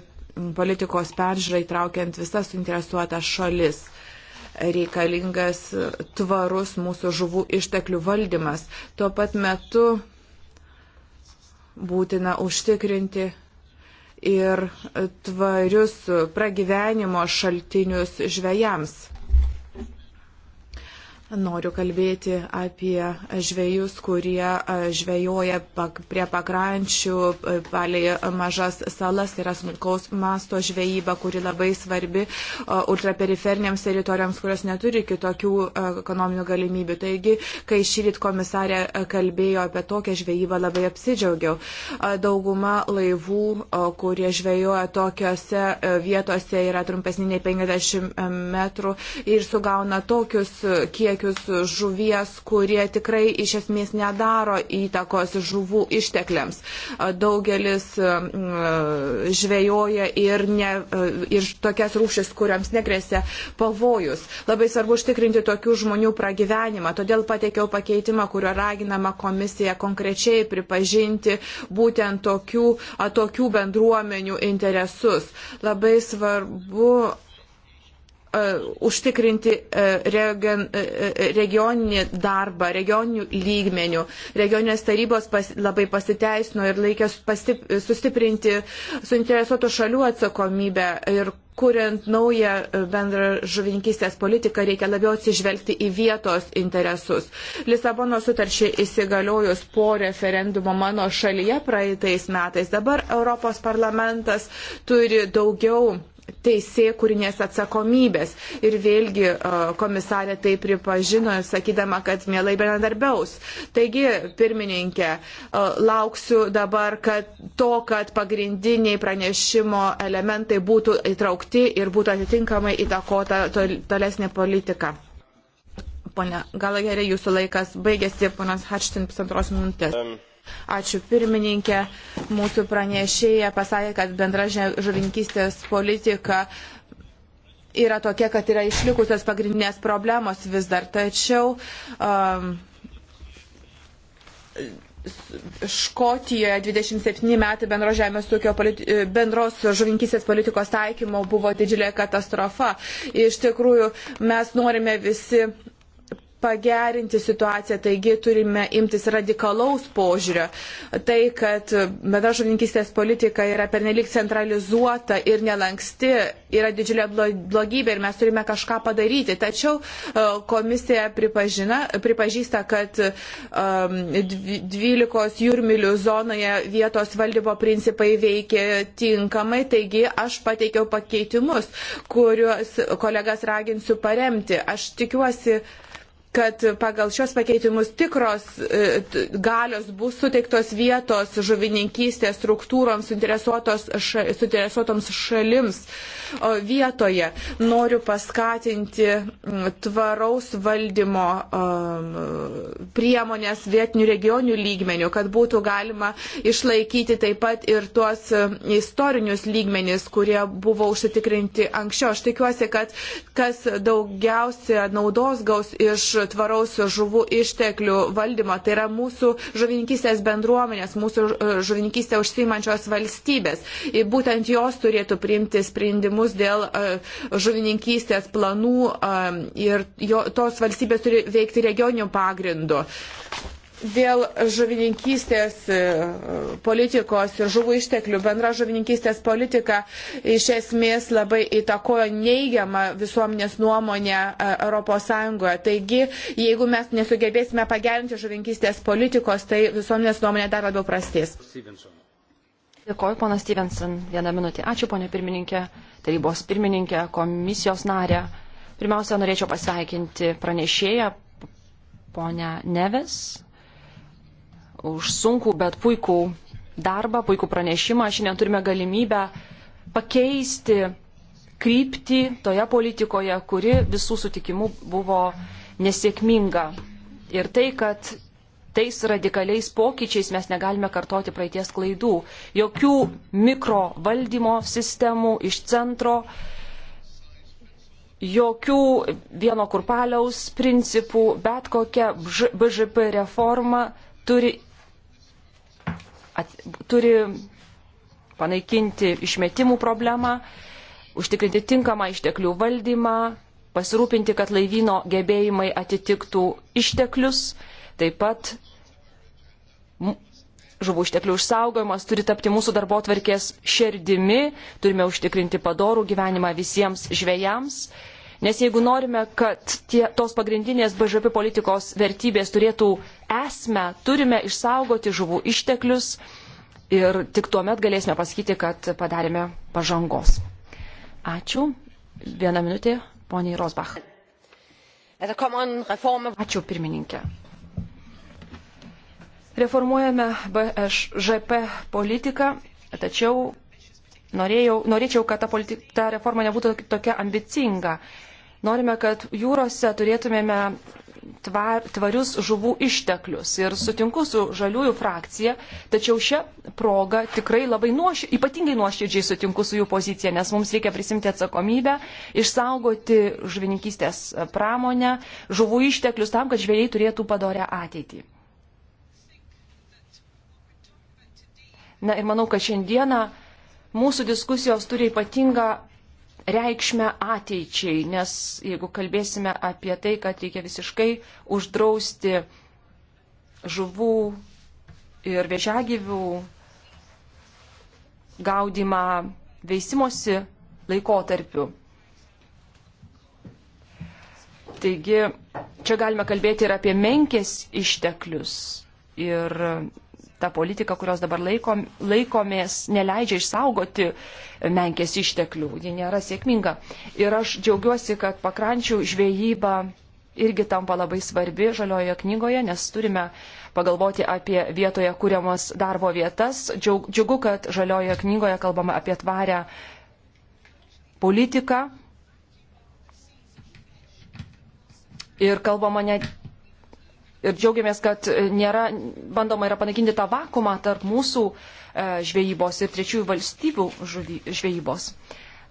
politikos peržiūrą įtraukiant visas suinteresuotas šalis reikalingas tvarus mūsų žuvų išteklių valdymas. Tuo pat metu būtina užtikrinti ir tvarius pragyvenimo šaltinius žvejams. Noriu kalbėti apie žvėjus, kurie žvejoja prie pakrančių, palei mažas salas, yra smulkaus masto žvejyba, kuri labai svarbi ultraperiferniams teritorijoms, kurios neturi kitokių ekonominių galimybių. Taigi, kai šįryt komisarė kalbėjo apie tokią žvejybą, labai apsidžiaugiau. Dauguma laivų, kurie žvejoja tokiose vietose, yra trumpesni nei 50 metrų ir sugauna tokius kiek kiekius žuvies, kurie tikrai iš esmės nedaro įtakos žuvų ištekliams. Daugelis mm, žvejoja ir, ne, ir tokias rūšis, kuriams negresia pavojus. Labai svarbu užtikrinti tokių žmonių pragyvenimą. Todėl pateikiau pakeitimą, kurio raginama komisija konkrečiai pripažinti būtent tokių, tokių bendruomenių interesus. Labai svarbu E, užtikrinti e, region, e, regioninį darbą, regioninių lygmenių. Regioninės tarybos pas, labai pasiteisino ir laikė pastip, sustiprinti suinteresuotų šalių atsakomybę ir kuriant naują bendrą žuvininkystės politiką, reikia labiau atsižvelgti į vietos interesus. Lisabono sutarčiai įsigaliojus po referendumo mano šalyje praeitais metais, dabar Europos parlamentas turi daugiau teisėkūrinės atsakomybės. Ir vėlgi komisarė tai pripažino, sakydama, kad mielai bendradarbiaus. Taigi, pirmininkė, lauksiu dabar kad to, kad pagrindiniai pranešimo elementai būtų įtraukti ir būtų atitinkamai įtakota tolesnė politika. Pone, gal gerai jūsų laikas baigėsi, ponas Hatštin, pusantros minutės. Um. Ačiū pirmininkė. Mūsų pranešėja pasakė, kad bendra žuvininkystės politika yra tokia, kad yra išlikusios pagrindinės problemos vis dar. Tačiau um, Škotijoje 27 metai bendros žemės ūkio politi e, bendros žuvinkysės politikos taikymo buvo didžiulė katastrofa. Iš tikrųjų, mes norime visi pagerinti situaciją, taigi turime imtis radikalaus požiūrio. Tai, kad bendra žuvininkystės politika yra pernelik centralizuota ir nelanksti, yra didžiulė blogybė ir mes turime kažką padaryti. Tačiau e, komisija pripažina, pripažįsta, kad 12 jūrmilių zonoje vietos valdymo principai veikia tinkamai, taigi aš pateikiau pakeitimus, kuriuos kolegas raginsiu paremti. Aš tikiuosi, kad pagal šios pakeitimus tikros e, galios bus suteiktos vietos žuvininkystės struktūroms suinteresuotoms šalims vietoje. Noriu paskatinti tvaraus valdymo priemonės vietinių regionių lygmenių, kad būtų galima išlaikyti taip pat ir tuos e, istorinius lygmenis, kurie buvo užsitikrinti anksčiau. Aš tikiuosi, kad kas daugiausia naudos gaus iš tvaraus žuvų išteklių valdymo. Tai yra mūsų žuvininkystės bendruomenės, mūsų e, žuvininkystė užsimančios valstybės. Ir būtent jos turėtų priimti sprendimus dėl e, žuvininkystės planų e, ir jo, tos valstybės turi veikti regioninių pagrindų dėl žuvininkystės e, politikos ir žuvų išteklių bendra žuvininkystės politika iš esmės labai įtakojo neigiamą visuomenės nuomonę ES. Taigi, jeigu mes nesugebėsime pagerinti žuvininkystės politikos, tai visuomenės nuomonė dar labiau prastės. Dėkoju, ponas Stevenson. Vieną minutę. Ačiū, ponė pirmininkė, tarybos pirmininkė, komisijos narė. Pirmiausia, norėčiau pasveikinti pranešėją, ponę Neves, už sunkų, bet puikų darbą, puikų pranešimą. Šiandien turime galimybę pakeisti kryptį toje politikoje, kuri visų sutikimų buvo nesėkminga. Ir tai, kad tais radikaliais pokyčiais mes negalime kartoti praeities klaidų. Jokių mikro valdymo sistemų iš centro, jokių vieno kurpaliaus principų, bet kokia BŽP reforma turi at, turi panaikinti išmetimų problemą, užtikrinti tinkamą išteklių valdymą, pasirūpinti, kad laivyno gebėjimai atitiktų išteklius, taip pat žuvų išteklių išsaugojimas turi tapti mūsų darbo tvarkės šerdimi, turime užtikrinti padorų gyvenimą visiems žvėjams Nes jeigu norime, kad tie, tos pagrindinės BŽP politikos vertybės turėtų esmę, turime išsaugoti žuvų išteklius ir tik tuo met galėsime pasakyti, kad padarėme pažangos. Ačiū. Vieną minutę, poniai Rosbach. Ačiū pirmininkė. Reformuojame BŽP politiką, tačiau norėjau, norėčiau, kad ta, politi, ta reforma nebūtų tokia ambicinga. Norime, kad jūrose turėtumėme tvar, tvarius žuvų išteklius. Ir sutinku su žaliųjų frakcija, tačiau šią progą tikrai labai nuoš, ypatingai nuoširdžiai sutinku su jų pozicija, nes mums reikia prisimti atsakomybę, išsaugoti žuvininkystės pramonę, žuvų išteklius tam, kad žvėjai turėtų padorę ateitį. Na ir manau, kad šiandieną mūsų diskusijos turi ypatingą reikšmę ateičiai, nes jeigu kalbėsime apie tai, kad reikia visiškai uždrausti žuvų ir viežiagyvių gaudimą veisimosi laikotarpiu. Taigi čia galime kalbėti ir apie menkės išteklius ir ta politika, kurios dabar laikom, laikomės, neleidžia išsaugoti menkės išteklių. Ji nėra sėkminga. Ir aš džiaugiuosi, kad pakrančių žvejyba irgi tampa labai svarbi žaliojoje knygoje, nes turime pagalvoti apie vietoje kūriamas darbo vietas. Džiugu, kad žaliojoje knygoje kalbama apie tvarę politiką. Ir kalbama net ir džiaugiamės, kad nėra, bandoma yra panaikinti tą vakumą tarp mūsų e, žvejybos ir trečiųjų valstybių žuvy, žvejybos.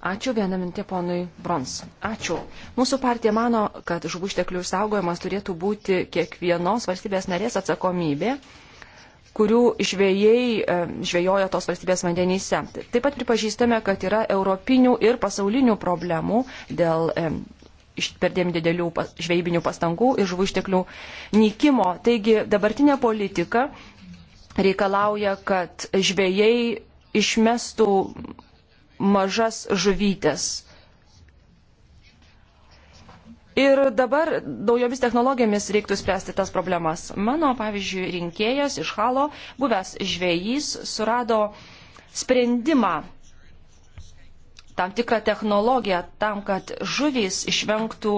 Ačiū vieną mintį ponui Brons. Ačiū. Mūsų partija mano, kad žuvų išteklių išsaugojimas turėtų būti kiekvienos valstybės narės atsakomybė kurių žvėjai e, žvėjoja tos valstybės vandenyse. Taip pat pripažįstame, kad yra europinių ir pasaulinių problemų dėl iš perdėm didelių pas, žvejybinių pastangų ir žuvų išteklių nykimo. Taigi dabartinė politika reikalauja, kad žvėjai išmestų mažas žuvytės. Ir dabar naujomis technologijomis reiktų spręsti tas problemas. Mano, pavyzdžiui, rinkėjas iš Halo, buvęs žvėjys, surado sprendimą tam tikrą technologiją tam, kad žuvys išvengtų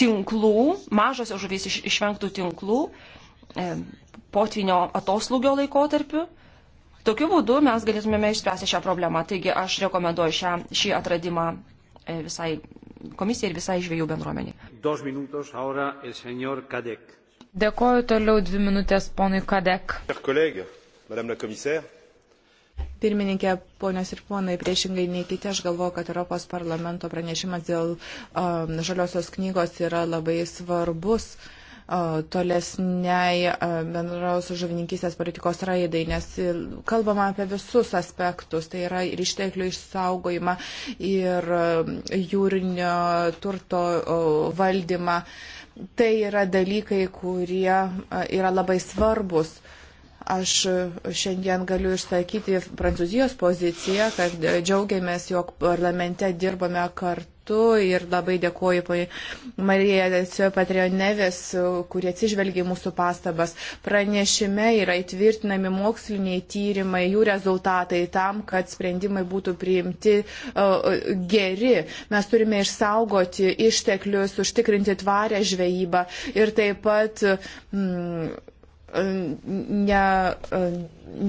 tinklų, mažosios žuvys išvengtų tinklų e, potvinio atoslūgio laikotarpiu. Tokiu būdu mes galėtumėme išspręsti šią problemą. Taigi aš rekomenduoju šią, šį atradimą e, visai komisijai ir visai žvėjų bendruomeniai. Dėkoju toliau dvi minutės ponui Kadek. Kolegė, Pirmininkė, ponios ir ponai, priešingai nei kiti, aš galvoju, kad Europos parlamento pranešimas dėl um, žaliosios knygos yra labai svarbus uh, tolesniai uh, bendros žuvininkystės politikos raidai, nes uh, kalbama apie visus aspektus, tai yra ir išteklių išsaugojimą, ir jūrinio turto valdymą. Tai yra dalykai, kurie yra labai svarbus. Aš šiandien galiu išsakyti Prancūzijos poziciją, kad džiaugiamės, jog parlamente dirbame kartu ir labai dėkoju Marija Patrionevės, kurie atsižvelgia į mūsų pastabas. Pranešime yra įtvirtinami moksliniai tyrimai, jų rezultatai tam, kad sprendimai būtų priimti geri. Mes turime išsaugoti išteklius, užtikrinti tvarę žvejybą ir taip pat. Mm, ne,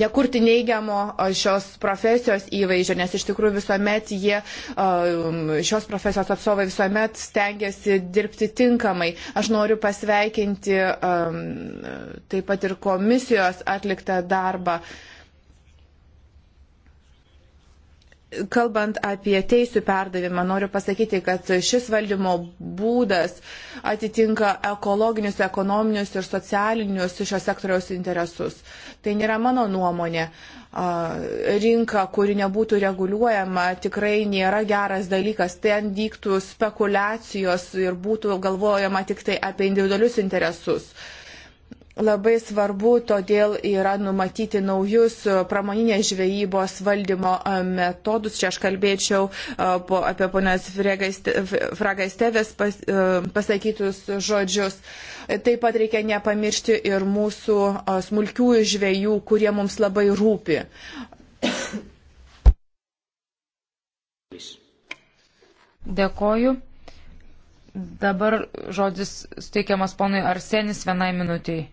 nekurti neigiamo šios profesijos įvaizdžio, nes iš tikrųjų visuomet jie, um, šios profesijos atstovai visuomet stengiasi dirbti tinkamai. Aš noriu pasveikinti um, taip pat ir komisijos atliktą darbą. Uh, Kalbant apie teisų perdavimą, noriu pasakyti, kad šis valdymo būdas atitinka ekologinius, ekonominius ir socialinius šio sektoriaus interesus. Tai nėra mano nuomonė. Rinka, kuri nebūtų reguliuojama, tikrai nėra geras dalykas. Ten vyktų spekulacijos ir būtų galvojama tik tai apie individualius interesus. Uh, Labai svarbu todėl yra numatyti naujus e, pramoninės žvejybos valdymo e, metodus. Čia aš kalbėčiau e, apie ponios Fragaistevės pas, pasakytus žodžius. Taip pat reikia nepamiršti ir mūsų smulkiųjų žvejų, kurie mums labai rūpi. Dėkoju. Dabar žodis suteikiamas ponui Arsenis vienai minutiai.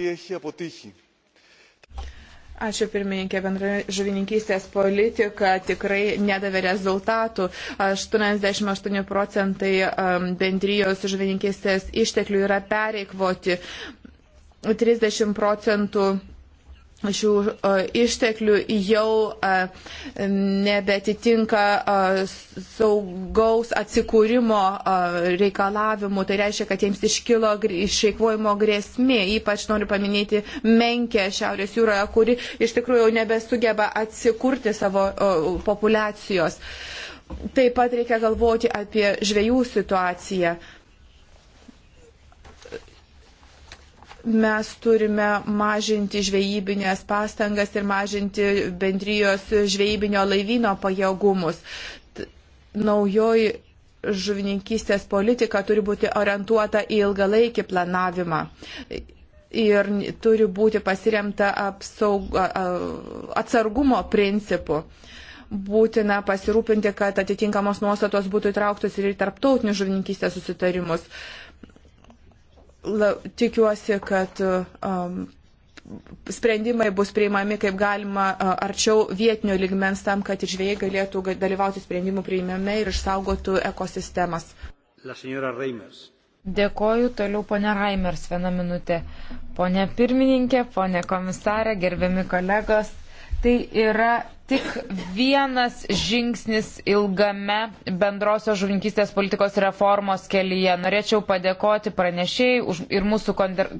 Ačiū pirmininkė, bendra žuvininkystės politika tikrai nedavė rezultatų. 88 procentai bendrijos žuvininkystės išteklių yra pereikvoti. 30 procentų šių išteklių jau nebetitinka saugaus atsikūrimo reikalavimų. Tai reiškia, kad jiems iškilo išeikvojimo grėsmė. Ypač noriu paminėti Menkę Šiaurės jūroje, kuri iš tikrųjų jau nebesugeba atsikurti savo populacijos. Taip pat reikia galvoti apie žvėjų situaciją. mes turime mažinti žvejybinės pastangas ir mažinti bendrijos žvejybinio laivyno pajėgumus. Naujoji žuvininkystės politika turi būti orientuota į ilgalaikį planavimą. Ir turi būti pasiremta apsaug, atsargumo principu. Būtina pasirūpinti, kad atitinkamos nuostatos būtų įtrauktos ir į tarptautinius žuvininkystės susitarimus. Uh, la, tikiuosi, kad um, sprendimai bus priimami kaip galima arčiau vietinio ligmens tam, kad ir žvėjai galėtų dalyvauti sprendimų priimime ir išsaugotų ekosistemas. Dėkoju toliau ponė Raimers vieną minutę. Pone pirmininkė, ponė komisarė, gerbiami kolegos, tai yra tik vienas žingsnis ilgame bendrosios žuvininkystės politikos reformos kelyje. Norėčiau padėkoti pranešėjai ir mūsų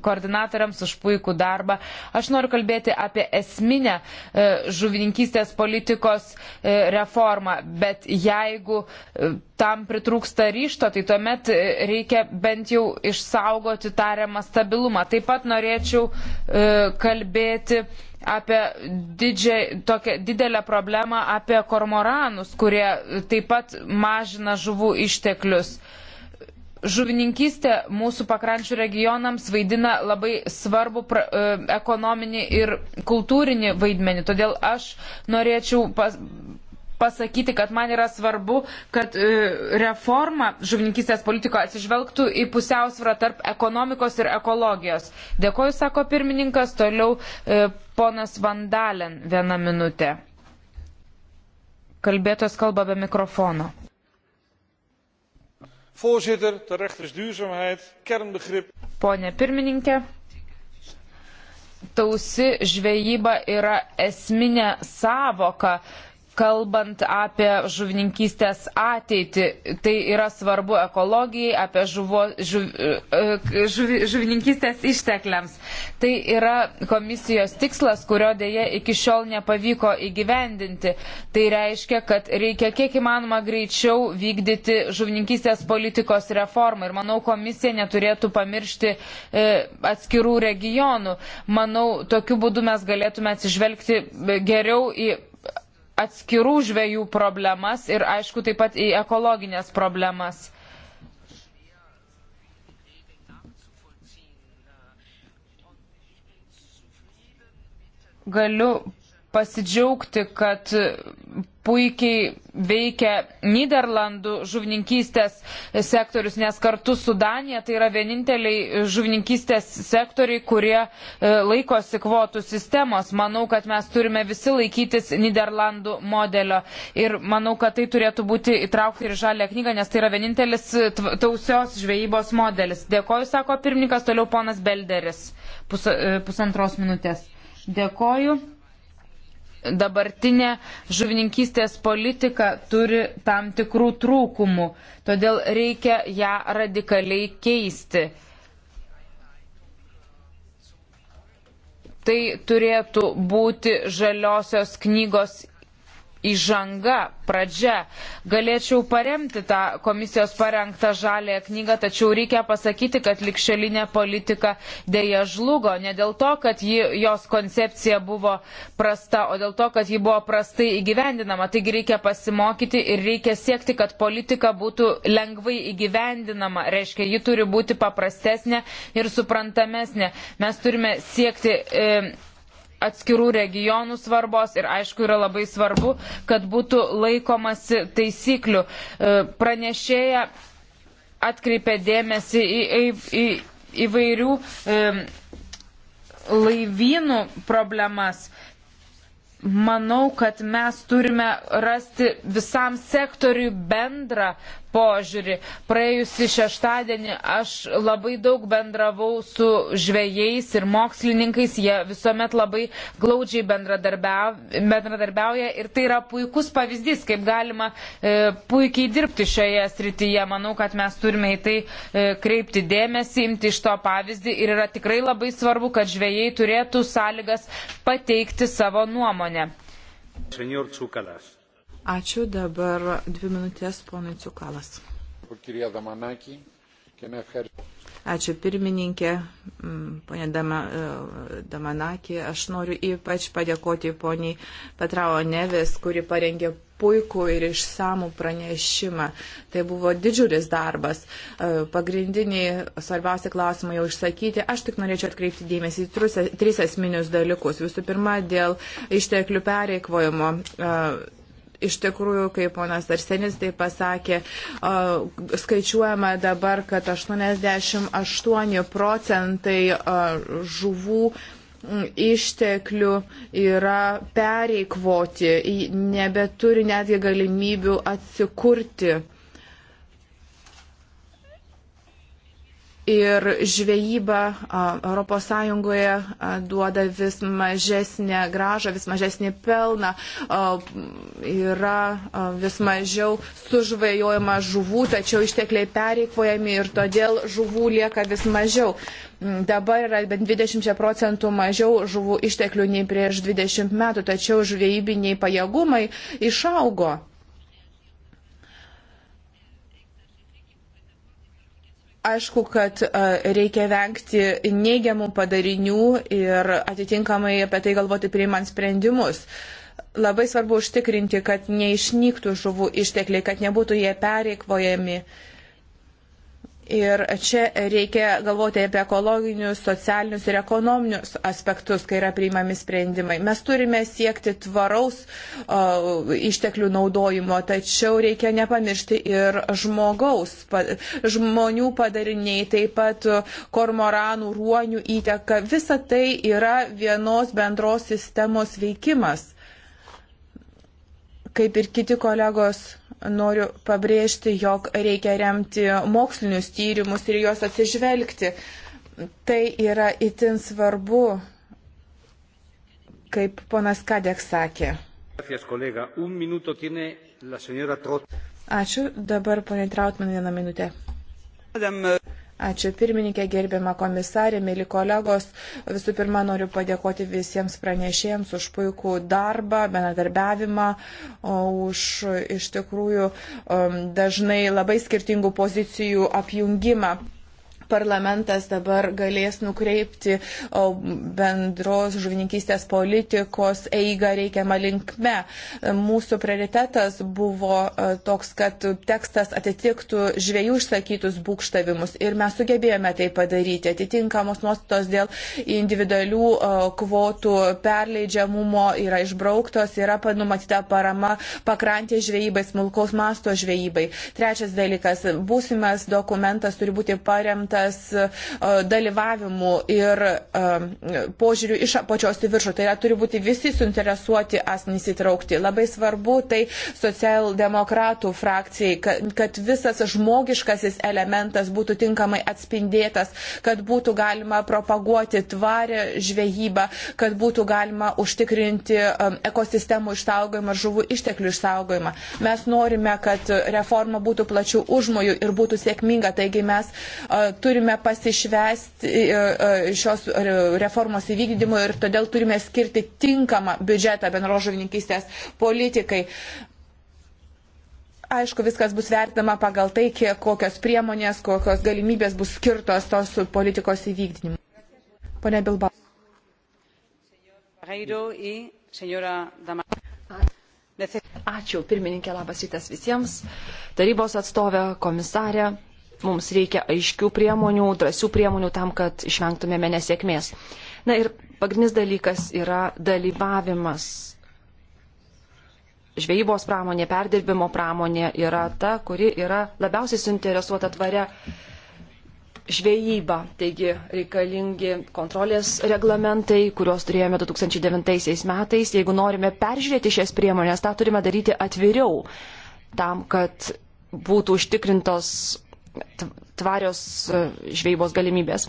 koordinatoriams už puikų darbą. Aš noriu kalbėti apie esminę e, žuvininkystės politikos e, reformą, bet jeigu e, tam pritrūksta ryšto, tai tuomet reikia bent jau išsaugoti tariamą stabilumą. Taip pat norėčiau kalbėti apie didžiai, tokią didelę problemą apie kormoranus, kurie taip pat mažina žuvų išteklius. Žuvininkystė mūsų pakrančių regionams vaidina labai svarbu pra, e, ekonominį ir kultūrinį vaidmenį. Todėl aš norėčiau pas, pasakyti, kad man yra svarbu, kad e, reforma žuvininkystės politikoje atsižvelgtų į pusiausvyrą tarp ekonomikos ir ekologijos. Dėkoju, sako pirmininkas, toliau e, Ponas Vandalen, vieną minutę. Kalbėtos kalba be mikrofono. Voorzitter, terecht is duurzaamheid, kernbegrip. Pone pirmininkė, tausi žvejyba yra esminė savoka kalbant apie žuvininkystės ateitį, tai yra svarbu ekologijai, apie žuvo, žuv, e, žuv, žuvininkystės ištekliams. Tai yra komisijos tikslas, kurio dėje iki šiol nepavyko įgyvendinti. Tai reiškia, kad reikia kiek įmanoma greičiau vykdyti žuvininkystės politikos reformą. Ir manau, komisija neturėtų pamiršti e, atskirų regionų. Manau, tokiu būdu mes galėtume atsižvelgti geriau į atskirų žvėjų problemas ir aišku taip pat į ekologinės problemas. Galiu pasidžiaugti, kad puikiai veikia Niderlandų žuvininkystės sektorius, nes kartu su Danija tai yra vieninteliai žuvininkystės sektoriai, kurie e, laikosi kvotų sistemos. Manau, kad mes turime visi laikytis Niderlandų modelio ir manau, kad tai turėtų būti įtraukti ir žalę knygą, nes tai yra vienintelis e, tausios žvejybos modelis. Dėkoju, sako pirmininkas, toliau ponas Belderis, pus, e, pusantros minutės. Dėkoju dabartinė žuvininkystės politika turi tam tikrų trūkumų, todėl reikia ją radikaliai keisti. Tai turėtų būti žaliosios knygos įžanga, pradžia. Galėčiau paremti tą komisijos parengtą žalę knygą, tačiau reikia pasakyti, kad likščiolinė politika dėja žlugo. Ne dėl to, kad ji, jos koncepcija buvo prasta, o dėl to, kad ji buvo prastai įgyvendinama. Taigi reikia pasimokyti ir reikia siekti, kad politika būtų lengvai įgyvendinama. Reiškia, ji turi būti paprastesnė ir suprantamesnė. Mes turime siekti. E, atskirų regionų svarbos ir aišku yra labai svarbu, kad būtų laikomasi taisyklių. E, pranešėja atkreipė dėmesį į, į, į, įvairių e, laivynų problemas. Manau, kad mes turime rasti visam sektoriui bendrą požiūrį. Praėjusį šeštadienį aš labai daug bendravau su žvėjais ir mokslininkais, jie visuomet labai glaudžiai bendradarbiauja ir tai yra puikus pavyzdys, kaip galima e, puikiai dirbti šioje srityje. Manau, kad mes turime į tai e, kreipti dėmesį, imti iš to pavyzdį ir yra tikrai labai svarbu, kad žvėjai turėtų sąlygas pateikti savo nuomonę. Senor Cukalas. Ačiū dabar dvi minutės ponui Ciukalas. Ačiū pirmininkė, ponė Dama, e, Damanakė. Aš noriu ypač padėkoti poniai Petrao Neves, kuri parengė puikų ir išsamų pranešimą. Tai buvo didžiulis darbas. E, pagrindiniai svarbiausi klausimai jau išsakyti. Aš tik norėčiau atkreipti dėmesį į tris esminius dalykus. Visų pirma, dėl išteklių pereikvojimo e, iš tikrųjų, kaip ponas Arsenis tai pasakė, skaičiuojama dabar, kad 88 procentai žuvų išteklių yra pereikvoti, nebeturi netgi galimybių atsikurti ir žvejyba ES duoda vis mažesnę gražą, vis mažesnį pelną, yra vis mažiau sužvejojama žuvų, tačiau ištekliai pereikvojami ir todėl žuvų lieka vis mažiau. Mm, dabar yra bent 20 procentų mažiau žuvų išteklių nei prieš 20 metų, tačiau žvejybiniai pajėgumai išaugo. Aišku, kad e, reikia vengti neigiamų padarinių ir atitinkamai apie tai galvoti priimant sprendimus. Labai svarbu užtikrinti, kad neišnyktų žuvų ištekliai, kad nebūtų jie pereikvojami. Uh, Ir čia reikia galvoti apie ekologinius, socialinius ir ekonominius aspektus, kai yra priimami sprendimai. Mes turime siekti tvaraus o, išteklių naudojimo, tačiau reikia nepamiršti ir žmogaus. Pa, žmonių padariniai, taip pat kormoranų, ruonių įteka. Visa tai yra vienos bendros sistemos veikimas. Kaip ir kiti kolegos noriu pabrėžti, jog reikia remti mokslinius tyrimus ir juos atsižvelgti. Tai yra itin svarbu, kaip ponas Kadek sakė. Ačiū. Dabar ponė Trautman vieną minutę. Ačiū pirmininkė, gerbiama komisarė, mėly kolegos. Visų pirma, noriu padėkoti visiems pranešėjams už puikų darbą, benadarbiavimą, už iš tikrųjų um, dažnai labai skirtingų pozicijų apjungimą parlamentas dabar galės nukreipti bendros žuvininkystės politikos eigą reikiamą linkme. Mūsų prioritetas buvo e, toks, kad tekstas atitiktų žviejų išsakytus būkštavimus ir mes sugebėjome tai padaryti. Atitinkamos nuostatos dėl individualių e, kvotų perleidžiamumo yra išbrauktos, yra numatyta parama pakrantės žvejybai, smulkaus masto žvejybai. Trečias dalykas, būsimas dokumentas turi būti paremtas susijęs e, dalyvavimu ir e, požiūriu iš apačios į viršų. Tai yra, turi būti visi suinteresuoti asmenys įtraukti. Labai svarbu tai socialdemokratų frakcijai, kad, kad visas žmogiškasis elementas būtų tinkamai atspindėtas, kad būtų galima propaguoti tvarę žvejybą, kad būtų galima užtikrinti e, ekosistemų išsaugojimą ir žuvų išteklių išsaugojimą. Mes norime, kad reforma būtų plačių užmojų ir būtų sėkminga, taigi mes turime pasišvesti e, e, šios reformos įvykdymu ir todėl turime skirti tinkamą biudžetą bendrožuvininkystės politikai aišku, viskas bus vertinama pagal tai, kiek, kokios priemonės, kokios galimybės bus skirtos tos politikos įvykdinimui. Pone Bilba. Ačiū, pirmininkė, labas rytas visiems. Tarybos atstovė, komisarė, mums reikia aiškių priemonių, drąsių priemonių tam, kad išvengtumėme nesėkmės. Na ir pagrindinis dalykas yra dalyvavimas. Žvejybos pramonė, perdirbimo pramonė yra ta, kuri yra labiausiai suinteresuota tvaria žvejyba. Taigi reikalingi kontrolės reglamentai, kuriuos turėjome 2009 metais. Jeigu norime peržiūrėti šias priemonės, tą turime daryti atviriau tam, kad būtų užtikrintos tvarios e, žvejybos galimybės.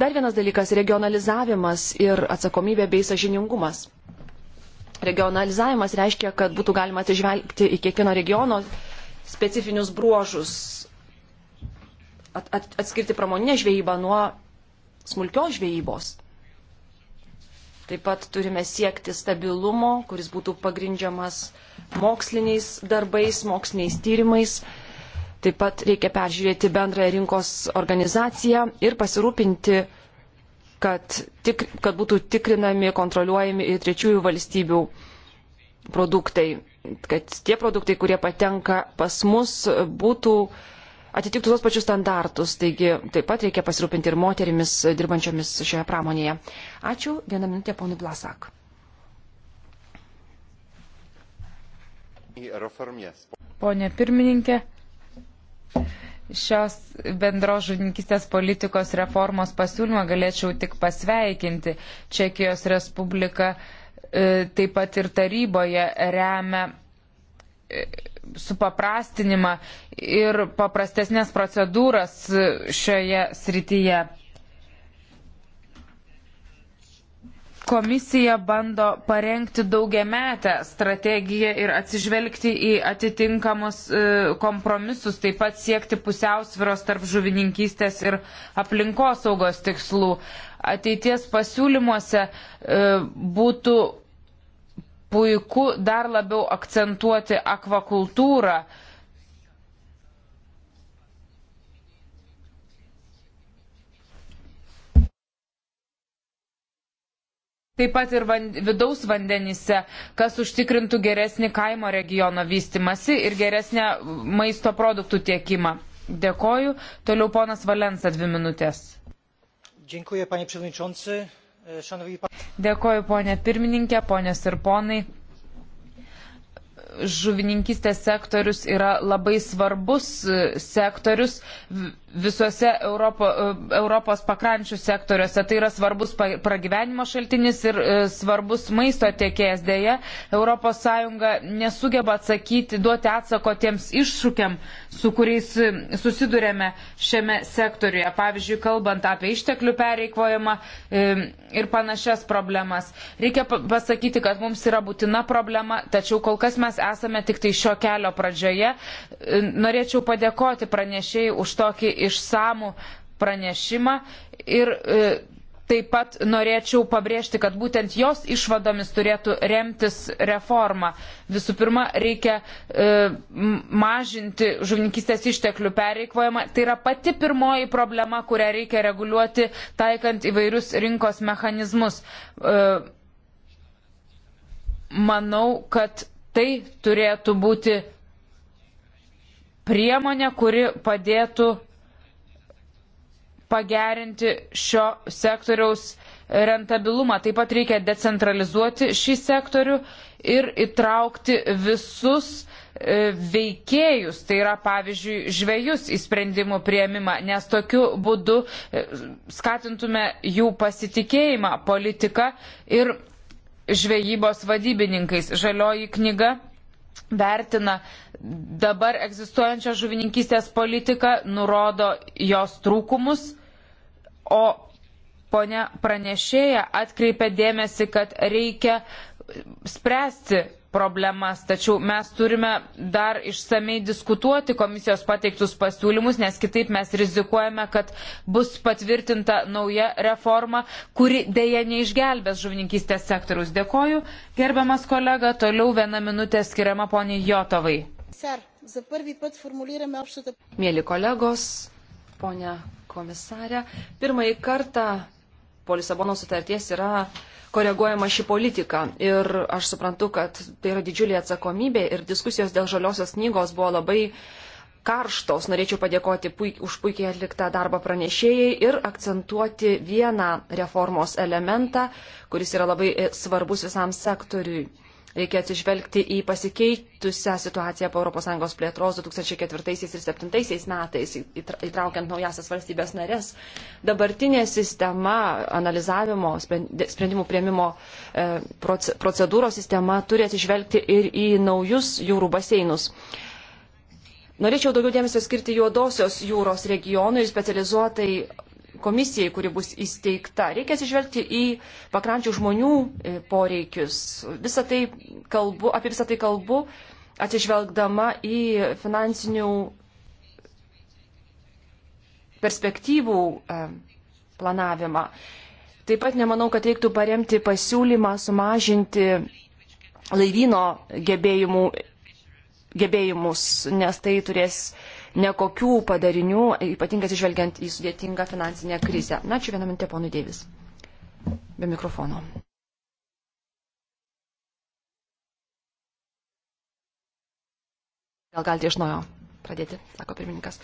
Dar vienas dalykas - regionalizavimas ir atsakomybė bei sažiningumas. Regionalizavimas reiškia, kad būtų galima atsižvelgti į kiekvieno regiono specifinius bruožus, at, at, atskirti pramoninę žvejybą nuo smulkios žvejybos. Taip pat turime siekti stabilumo, kuris būtų pagrindžiamas moksliniais darbais, moksliniais tyrimais. Uh, Taip pat reikia peržiūrėti bendrąją rinkos organizaciją ir pasirūpinti, kad, tik, kad būtų tikrinami, kontroliuojami ir trečiųjų valstybių produktai, kad tie produktai, kurie patenka pas mus, būtų atitiktų tos pačius standartus. Taigi taip pat reikia pasirūpinti ir moterimis dirbančiomis šioje pramonėje. Ačiū. Vieną minutę, ponui Blasak. Pone pirmininkė, šios bendros žuvininkistės politikos reformos pasiūlymą galėčiau tik pasveikinti. Čekijos Respublika e, taip pat ir taryboje remia e, supaprastinimą ir paprastesnės procedūras e, šioje srityje. komisija bando parengti daugiametę strategiją ir atsižvelgti į atitinkamus e, kompromisus, taip pat siekti pusiausviros tarp žuvininkystės ir aplinkosaugos tikslų. Ateities pasiūlymuose e, būtų puiku dar labiau akcentuoti akvakultūrą Taip pat ir van, vidaus vandenyse, kas užtikrintų geresnį kaimo regiono vystimasi ir geresnę maisto produktų tiekimą. Dėkoju. Toliau ponas Valensa dvi minutės. E, Dėkoju, panie pirmininkė, ponės ir ponai žuvininkystės sektorius yra labai svarbus e, sektorius visose Europo, e, Europos pakrančių sektoriuose. Tai yra svarbus pragyvenimo šaltinis ir e, svarbus maisto tiekėjas. Deja, ES nesugeba atsakyti, duoti atsako tiems iššūkiam, su kuriais susidurėme šiame sektoriuje. Pavyzdžiui, kalbant apie išteklių pereikvojimą ir panašias problemas. Reikia pasakyti, kad mums yra būtina problema, tačiau kol kas mes esame tik tai šio kelio pradžioje. Norėčiau padėkoti pranešėjai už tokį išsamų pranešimą ir e, taip pat norėčiau pabrėžti, kad būtent jos išvadomis turėtų remtis reforma. Visų pirma, reikia e, mažinti žuvininkistės išteklių pereikvojimą. Tai yra pati pirmoji problema, kurią reikia reguliuoti, taikant įvairius rinkos mechanizmus. E, manau, kad Tai turėtų būti priemonė, kuri padėtų pagerinti šio sektoriaus rentabilumą. Taip pat reikia decentralizuoti šį sektorių ir įtraukti visus e, veikėjus, tai yra pavyzdžiui žvėjus į sprendimų prieimimą, nes tokiu būdu e, skatintume jų pasitikėjimą politiką ir žvejybos vadybininkais. Žalioji knyga vertina dabar egzistuojančią žuvininkystės politiką, nurodo jos trūkumus, o ponia pranešėja atkreipia dėmesį, kad reikia spręsti problemas, tačiau mes turime dar išsamei diskutuoti komisijos pateiktus pasiūlymus, nes kitaip mes rizikuojame, kad bus patvirtinta nauja reforma, kuri dėja neišgelbės žuvininkystės sektoriaus. Dėkoju, gerbiamas kolega, toliau viena minutė skiriama poniai Jotovai. Mėly kolegos, ponia komisarė, pirmąjį kartą po Lisabono sutarties yra koreguojama ši politika. Ir aš suprantu, kad tai yra didžiulė atsakomybė ir diskusijos dėl žaliosios knygos buvo labai karštos. Norėčiau padėkoti puik, už puikiai atliktą darbą pranešėjai ir akcentuoti vieną reformos elementą, kuris yra labai e, svarbus visam sektoriui. Reikia atsižvelgti į pasikeitusią situaciją po ES plėtros 2004 ir 2007 metais, įtraukiant naujasias valstybės narės. Dabartinė sistema analizavimo, sprendimų prieimimo e, procedūros sistema turi atsižvelgti ir į naujus jūrų baseinus. Norėčiau daugiau dėmesio skirti juodosios jūros regionui ir specializuotai komisijai, kuri bus įsteigta. Reikia atsižvelgti į pakrančių žmonių e, poreikius. Visą tai kalbu, apie visą tai kalbu, atsižvelgdama į finansinių perspektyvų e, planavimą. Taip pat nemanau, kad reiktų paremti pasiūlymą sumažinti laivyno gebėjimų, gebėjimus, nes tai turės uh, nekokių padarinių, ypatingai atsižvelgiant į sudėtingą finansinę krizę. Na, čia vieną mintę, ponui Deivis. Be mikrofono. Gal galite iš naujo pradėti, sako pirmininkas.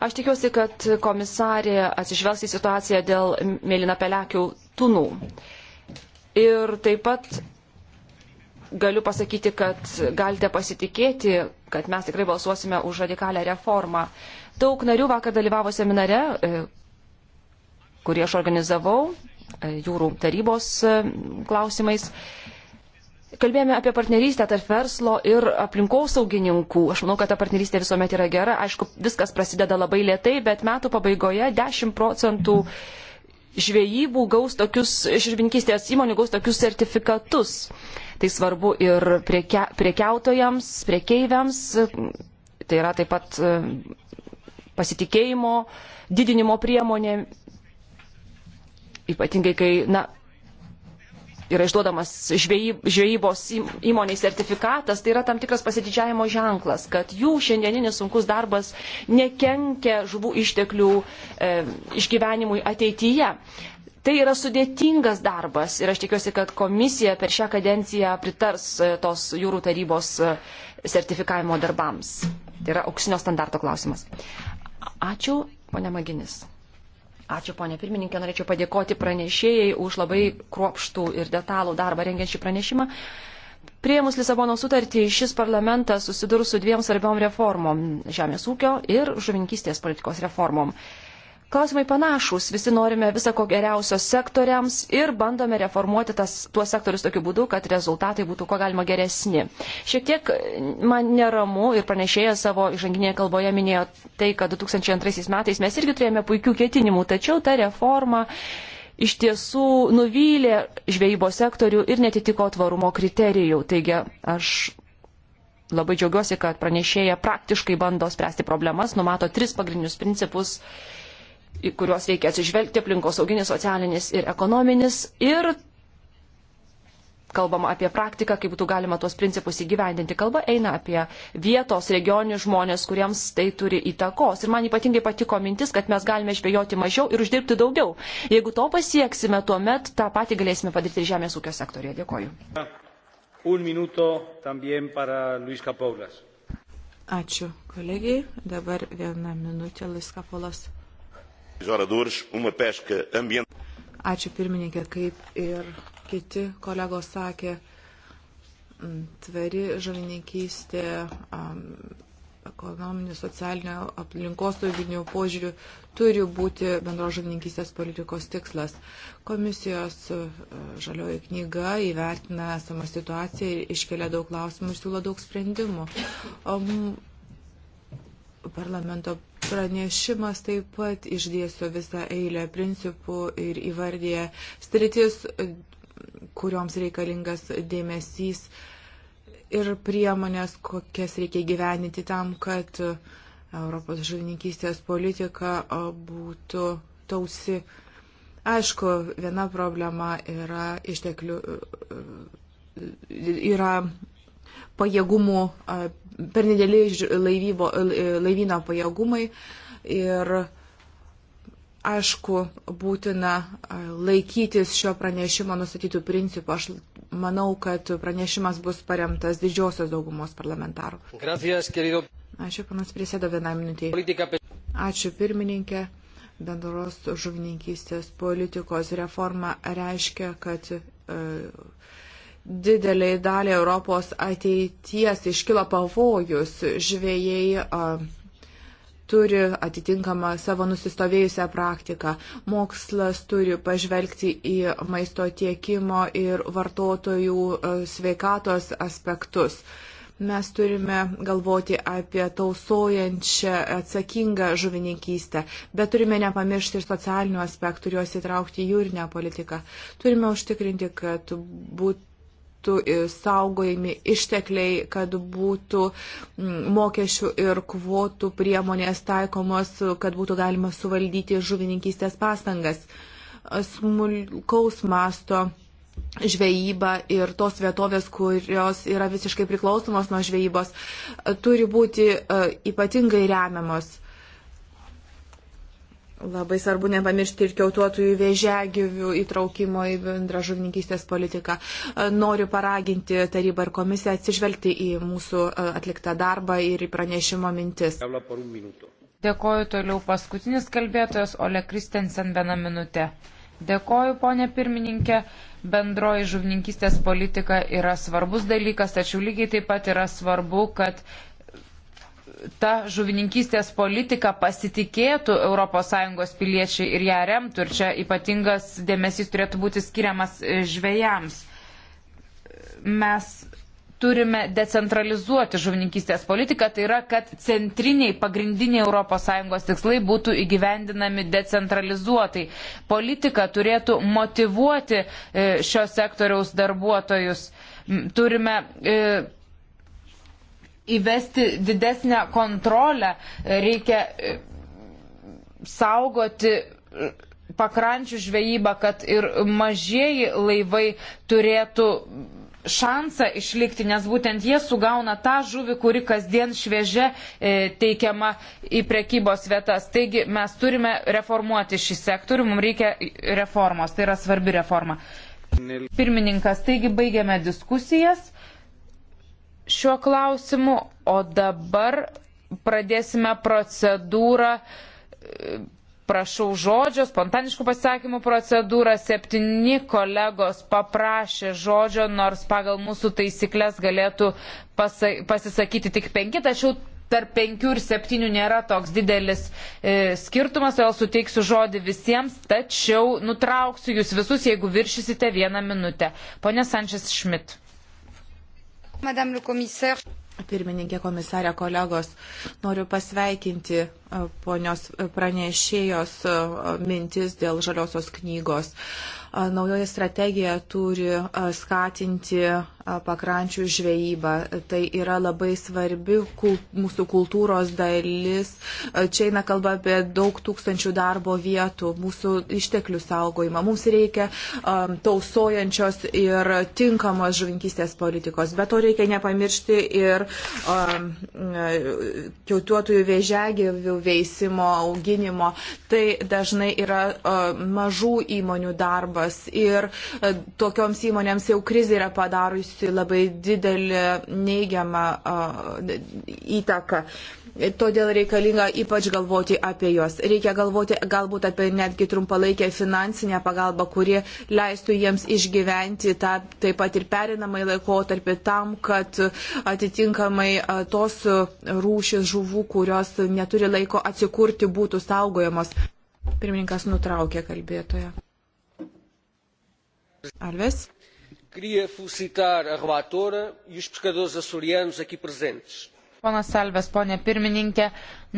Aš tikiuosi, kad komisarė atsižvelgs į situaciją dėl mėlyna pelekių tunų. Ir taip pat galiu pasakyti, kad galite pasitikėti, kad mes tikrai balsuosime už radikalią reformą. Daug narių vakar dalyvavo seminare, e, kurį aš organizavau e, jūrų tarybos e, klausimais. Kalbėjome apie partnerystę tarp verslo ir aplinkosaugininkų. Aš manau, kad ta partnerystė visuomet yra gera. Aišku, viskas prasideda labai lietai, bet metų pabaigoje 10 procentų. Mm -hmm žvejybų gaus tokius, žirvinkystės įmonių gaus tokius sertifikatus. Tai svarbu ir priekia, priekiautojams, priekeiviams, tai yra taip pat e, pasitikėjimo, didinimo priemonė, ypatingai kai, na, yra išduodamas žvejybos įmoniai sertifikatas, tai yra tam tikras pasididžiavimo ženklas, kad jų šiandieninis sunkus darbas nekenkia žuvų išteklių e, išgyvenimui ateityje. Tai yra sudėtingas darbas ir aš tikiuosi, kad komisija per šią kadenciją pritars e, tos jūrų tarybos e, sertifikavimo darbams. Tai yra auksinio standarto klausimas. Ačiū, ponia Maginis. Ačiū, ponė pirmininkė, norėčiau padėkoti pranešėjai už labai kruopštų ir detalų darbą rengiant šį pranešimą. Prieimus Lisabono sutartį, šis parlamentas susidurs su dviem svarbiom reformom - žemės ūkio ir žuvinkystės politikos reformom. Klausimai panašus. Visi norime visą ko geriausio sektoriams ir bandome reformuoti tas, tuos sektorius tokiu būdu, kad rezultatai būtų ko galima geresni. Šiek tiek e, man neramu ir pranešėjas savo žanginėje kalboje minėjo tai, kad 2002 metais mes irgi turėjome puikių ketinimų, tačiau ta reforma iš tiesų nuvylė žvejybos sektorių ir netitiko tvarumo kriterijų. Taigi aš labai džiaugiuosi, kad pranešėja praktiškai bando spręsti problemas, numato tris pagrindinius principus į kuriuos reikia atsižvelgti aplinkosauginis, socialinis ir ekonominis. Ir kalbama apie praktiką, kaip būtų galima tuos principus įgyvendinti. Kalba eina apie vietos, regionius žmonės, kuriems tai turi įtakos. Ir man ypatingai patiko mintis, kad mes galime žvejoti mažiau ir uždirbti daugiau. Jeigu to pasieksime, tuomet tą patį galėsime padaryti ir žemės ūkio sektorėje. Dėkoju. Ačiū kolegijai. Dabar viena minutė Laiskapolas. Ačiū pirmininkė, kaip ir kiti kolegos sakė, tvari žalininkystė ekonominių, socialinių, aplinkosauginių požiūrių turi būti bendros žalininkystės politikos tikslas. Komisijos e, žalioji knyga įvertina esamą situaciją ir iškelia daug klausimų ir siūlo daug sprendimų parlamento pranešimas taip pat išdėsio visą eilę principų ir įvardė stritis, kurioms reikalingas dėmesys ir priemonės, kokias reikia gyveninti tam, kad Europos žuvininkystės politika būtų tausi. Aišku, viena problema yra išteklių, yra pajėgumų per nedėlį laivybo, laivyno pajėgumai ir aišku, būtina laikytis šio pranešimo nustatytų principų. Aš manau, kad pranešimas bus paremtas didžiosios daugumos parlamentarų. Gracias, querido. Ačiū, panas prisėdo vieną minutį. Ačiū, pirmininkė. Bendros žuvininkystės politikos reforma reiškia, kad. Uh, dideliai daliai Europos ateities iškilo pavojus. Žvėjai a, turi atitinkamą savo nusistovėjusią praktiką. Mokslas turi pažvelgti į maisto tiekimo ir vartotojų a, sveikatos aspektus. Mes turime galvoti apie tausojančią atsakingą žuvininkystę, bet turime nepamiršti ir socialinių aspektų ir juos įtraukti į jūrinę politiką. Turime užtikrinti, kad būtų būtų saugojami ištekliai, kad būtų mokesčių ir kvotų priemonės taikomos, kad būtų galima suvaldyti žuvininkystės pastangas. Smulkaus masto žvejyba ir tos vietovės, kurios yra visiškai priklausomos nuo žvejybos, turi būti e, ypatingai remiamos. Labai svarbu nepamiršti ir kiautuotųjų vėžiagyvių įtraukimo į bendrą žuvininkystės politiką. E, noriu paraginti tarybą ir komisiją atsižvelgti į mūsų e, atliktą darbą ir į pranešimo mintis. Dėkoju toliau paskutinis kalbėtojas Ole Kristensen vieną minutę. Dėkoju, ponė pirmininkė. Bendroji žuvininkystės politika yra svarbus dalykas, tačiau lygiai taip pat yra svarbu, kad ta žuvininkystės politika pasitikėtų ES piliečiai ir ją remtų. Ir čia ypatingas dėmesys turėtų būti skiriamas e, žvėjams. Mes turime decentralizuoti žuvininkystės politiką, tai yra, kad centriniai pagrindiniai ES tikslai būtų įgyvendinami decentralizuotai. Politika turėtų motivuoti e, šio sektoriaus darbuotojus. Turime e, įvesti didesnę kontrolę, reikia e, saugoti e, pakrančių žvejybą, kad ir mažieji laivai turėtų šansą išlikti, nes būtent jie sugauna tą žuvį, kuri kasdien šviežia e, teikiama į prekybos vietas. Taigi mes turime reformuoti šį sektorių, mums reikia reformos, tai yra svarbi reforma. Pirmininkas, taigi baigiame diskusijas šiuo klausimu, o dabar pradėsime procedūrą, prašau žodžio, spontaniškų pasakymų procedūrą. Septyni kolegos paprašė žodžio, nors pagal mūsų taisyklės galėtų pasisakyti tik penki, tačiau tarp penkių ir septynių nėra toks didelis e, skirtumas, todėl suteiksiu žodį visiems, tačiau nutrauksiu jūs visus, jeigu viršysite vieną minutę. Pone Sančias Šmit. Madame le commissaire. Pirmininkė komisarė kolegos, noriu pasveikinti e, ponios e, pranešėjos e, mintis dėl žaliosios knygos. Naujoji strategija turi skatinti pakrančių žvejybą. Tai yra labai svarbi kult, mūsų kultūros dalis. Čia eina kalba apie daug tūkstančių darbo vietų, mūsų išteklių saugojimą. Mums reikia um, tausojančios ir tinkamos žuvinkystės politikos. Bet to reikia nepamiršti ir um, kiautuotojų vėžiagyvių veisimo, auginimo. Tai dažnai yra um, mažų įmonių darbas darbas ir e, tokioms įmonėms jau krizė yra padarusi labai didelį neigiamą įtaką. Todėl reikalinga ypač galvoti apie juos. Reikia galvoti galbūt apie netgi trumpalaikę finansinę pagalbą, kurie leistų jiems išgyventi tą, taip pat ir perinamai laikotarpį tam, kad atitinkamai tos rūšis žuvų, kurios neturi laiko atsikurti, būtų saugojamos. Pirmininkas nutraukė kalbėtoją. Alves. Queria felicitar a relatora e os pescadores açorianos aqui presentes. Ponas Alves, ponė pirmininkė,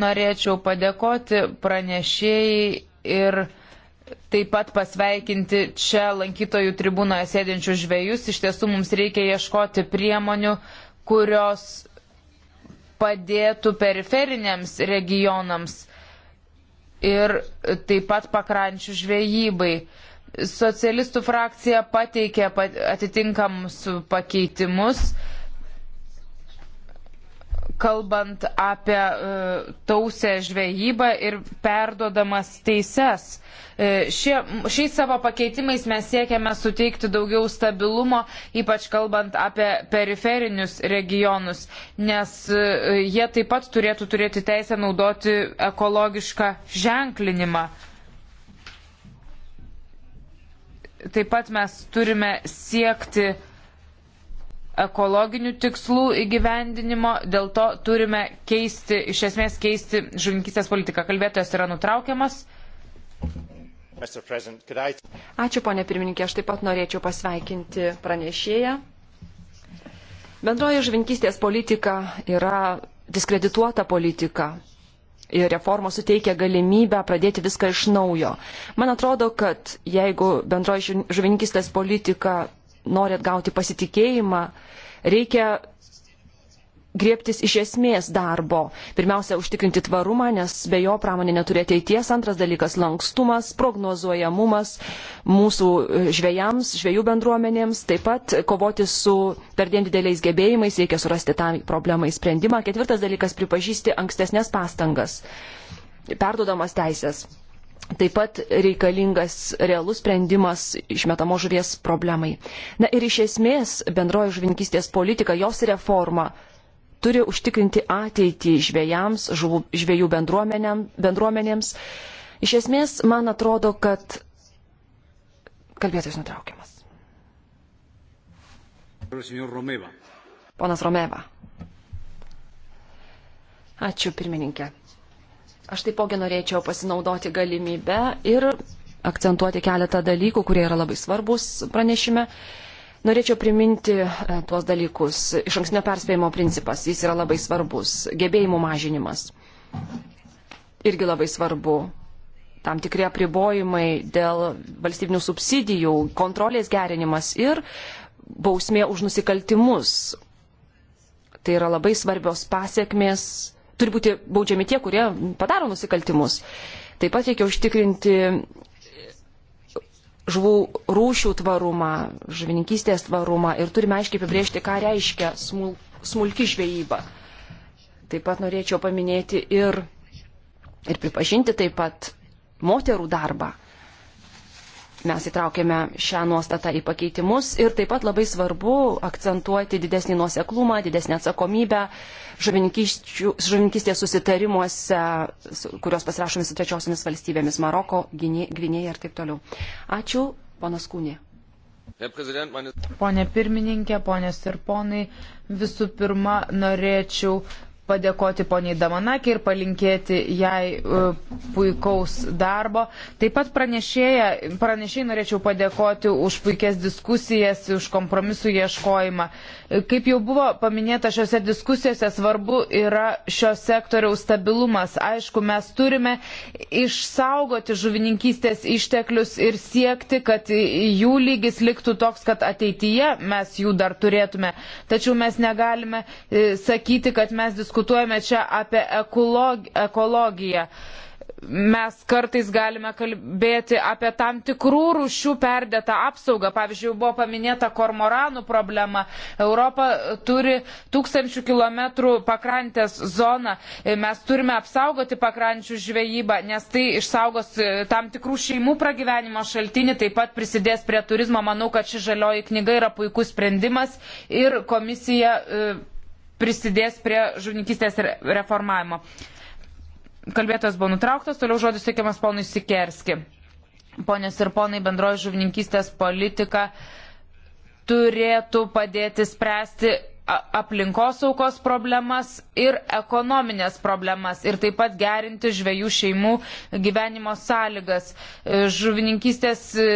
norėčiau padėkoti pranešėjai ir taip pat pasveikinti čia lankytojų tribūnoje sėdinčių žvėjus. Iš tiesų mums reikia ieškoti priemonių, kurios padėtų periferiniams regionams ir taip pat pakrančių žvejybai. Socialistų frakcija pateikė atitinkamus pakeitimus, kalbant apie e, tausę žvejybą ir perdodamas teises. E, šie, šiais savo pakeitimais mes siekiame suteikti daugiau stabilumo, ypač kalbant apie periferinius regionus, nes e, jie taip pat turėtų turėti teisę naudoti ekologišką ženklinimą. Taip pat mes turime siekti ekologinių tikslų įgyvendinimo, dėl to turime keisti, iš esmės keisti žuvininkistės politiką. Kalbėtojas yra nutraukiamas. Ačiū, ponė pirmininkė, aš taip pat norėčiau pasveikinti pranešėją. Bendroji žvinkystės politika yra diskredituota politika reformos suteikia galimybę pradėti viską iš naujo. Man atrodo, kad jeigu bendroji žuvininkistės politika nori atgauti pasitikėjimą, reikia griebtis iš esmės darbo. Pirmiausia, užtikrinti tvarumą, nes be jo pramonė neturi ateities. Antras dalykas - lankstumas, prognozuojamumas mūsų e, žvėjams, žvėjų bendruomenėms. Taip pat kovoti su perdien dideliais gebėjimais, reikia surasti tą problemą į sprendimą. Ketvirtas dalykas - pripažįsti ankstesnės pastangas, perdodamas teisės. Taip pat reikalingas realus sprendimas išmetamo žuvies problemai. Na ir iš esmės bendroji žuvininkystės politika, jos reforma turi užtikrinti ateitį žvėjams, žvėjų bendruomenėms. Iš esmės, man atrodo, kad kalbėtojas nutraukiamas. Ponas Romeva. Ačiū, pirmininkė. Aš taipogi norėčiau pasinaudoti galimybę ir akcentuoti keletą dalykų, kurie yra labai svarbus pranešime. Norėčiau priminti e, tuos dalykus. Iš anksnio perspėjimo principas, jis yra labai svarbus. Gebėjimų mažinimas. Irgi labai svarbu. Tam tikri apribojimai dėl valstybinių subsidijų, kontrolės gerinimas ir bausmė už nusikaltimus. Tai yra labai svarbios pasiekmės. Turi būti baudžiami tie, kurie padaro nusikaltimus. Taip pat reikia užtikrinti žuvų rūšių tvarumą, žuvininkystės tvarumą ir turime aiškiai apibriežti, ką reiškia smul, smulki žvejyba. Taip pat norėčiau paminėti ir, ir pripažinti taip pat moterų darbą. Mes įtraukėme šią nuostatą į pakeitimus ir taip pat labai svarbu akcentuoti didesnį nuoseklumą, didesnį atsakomybę žuvininkystės susitarimuose, kurios pasirašomi su trečiosiamis valstybėmis - Maroko, Gvinėja ir taip toliau. Ačiū, ponas Kūnė. Pone pirmininkė, ponės ir ponai, visų pirma norėčiau padėkoti poniai Damanakė ir palinkėti jai e, puikaus darbo. Taip pat pranešėjai norėčiau padėkoti už puikias diskusijas, už kompromisų ieškojimą. E, kaip jau buvo paminėta šiuose diskusijose, svarbu yra šio sektoriaus stabilumas. Aišku, mes turime išsaugoti žuvininkystės išteklius ir siekti, kad jų lygis liktų toks, kad ateityje mes jų dar turėtume. Tačiau mes negalime e, sakyti, kad mes diskutuojame diskutuojame čia apie ekologiją. Mes kartais galime kalbėti apie tam tikrų rūšių perdėtą apsaugą. Pavyzdžiui, jau buvo paminėta kormoranų problema. Europa turi tūkstančių kilometrų pakrantės zoną. Mes turime apsaugoti pakrančių žvejybą, nes tai išsaugos e, tam tikrų šeimų pragyvenimo šaltinį, taip pat prisidės prie turizmo. Manau, kad ši žalioji knyga yra puikus sprendimas ir komisija e, prisidės prie žuvininkystės reformavimo. Kalbėtojas buvo nutrauktas, toliau žodis teikiamas ponui Sikerski. Ponės ir ponai, bendroji žuvininkystės politika turėtų padėti spręsti aplinkosaukos problemas ir ekonominės problemas ir taip pat gerinti žvėjų šeimų gyvenimo sąlygas. E, žuvininkystės e,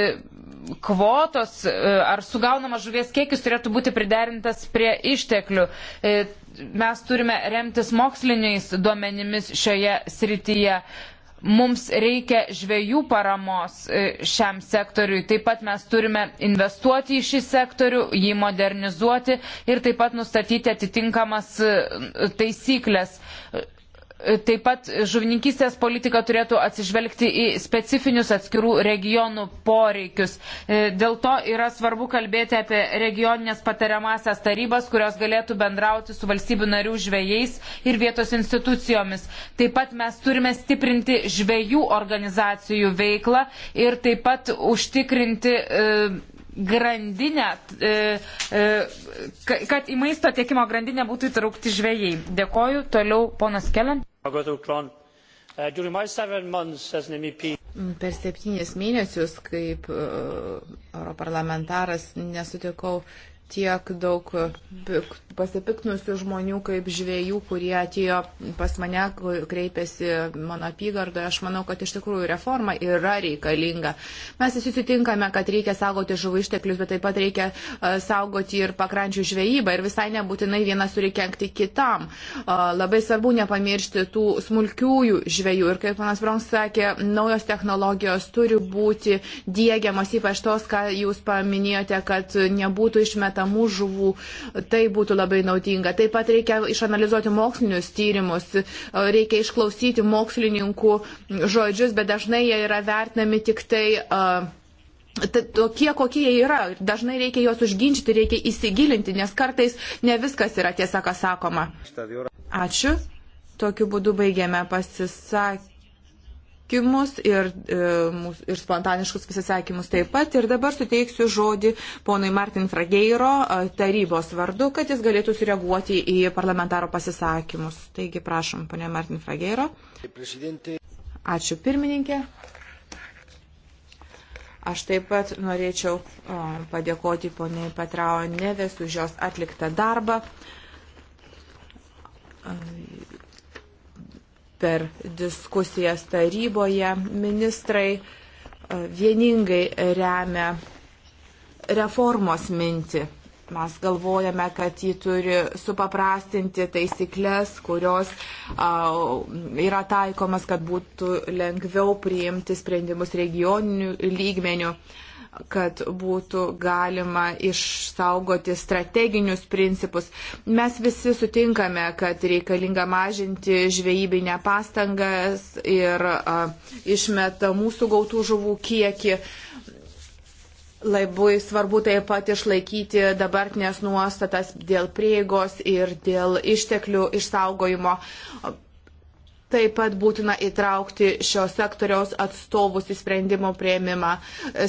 kvotos e, ar sugaunama žuvies kiekis turėtų būti priderintas prie išteklių. E, mes turime remtis moksliniais duomenimis šioje srityje. Mums reikia žvėjų paramos e, šiam sektoriui, taip pat mes turime investuoti į šį sektorių, jį modernizuoti ir taip pat nustatyti atitinkamas taisyklės Taip pat žuvininkystės politika turėtų atsižvelgti į specifinius atskirų regionų poreikius. E, dėl to yra svarbu kalbėti apie regioninės patariamasias tarybas, kurios galėtų bendrauti su valstybių narių žvėjais ir vietos institucijomis. Taip pat mes turime stiprinti žvėjų organizacijų veiklą ir taip pat užtikrinti. E, grandinę, e, e, kad į maisto tiekimo grandinę būtų įtraukti žvėjai. Dėkoju, toliau ponas Kelen. Uh, mm, per septynis mėnesius kaip uh, europarlamentaras nesutikau tiek daug pasipiknusių žmonių kaip žvėjų, kurie atėjo pas mane, kreipėsi mano apygardoje. Aš manau, kad iš tikrųjų reforma yra reikalinga. Mes visi sutinkame, kad reikia saugoti žuvų išteklius, bet taip pat reikia e, saugoti ir pakrančių žvejybą ir visai nebūtinai vienas turi kenkti kitam. E, labai svarbu nepamiršti tų smulkiųjų žvėjų ir kaip panas Bronks sakė, naujos technologijos turi būti dėgiamas, ypač tos, ką jūs paminėjote, kad nebūtų išmetamas kertamų žuvų. Tai būtų labai naudinga. Taip pat reikia išanalizuoti mokslinius tyrimus, reikia išklausyti mokslininkų žodžius, bet dažnai jie yra vertinami tik tai. Uh, tokie, kokie jie yra. Dažnai reikia juos užginčyti, reikia įsigilinti, nes kartais ne viskas yra tiesa, kas sakoma. Ačiū. Tokiu būdu baigėme pasisakymą pasisakymus ir, e, ir spontaniškus pasisakymus taip pat. Ir dabar suteiksiu žodį ponui Martin Frageiro e, tarybos vardu, kad jis galėtų sureaguoti į parlamentaro pasisakymus. Taigi prašom, ponė Martin Frageiro. Ačiū pirmininkė. Aš taip pat norėčiau o, e, padėkoti poniai Patrao Neves už jos atliktą darbą per diskusijas taryboje ministrai e, vieningai remia reformos mintį. Mes galvojame, kad ji turi supaprastinti taisyklės, kurios a, yra taikomas, kad būtų lengviau priimti sprendimus regioninių lygmenių. A, kad būtų galima išsaugoti strateginius principus. Mes visi sutinkame, kad reikalinga mažinti žvejybinę pastangas ir a, išmetamų sugautų žuvų kiekį. Labai svarbu taip pat išlaikyti dabartinės nuostatas dėl prieigos ir dėl išteklių išsaugojimo. Taip pat būtina įtraukti šio sektoriaus atstovus į sprendimo prieimimą.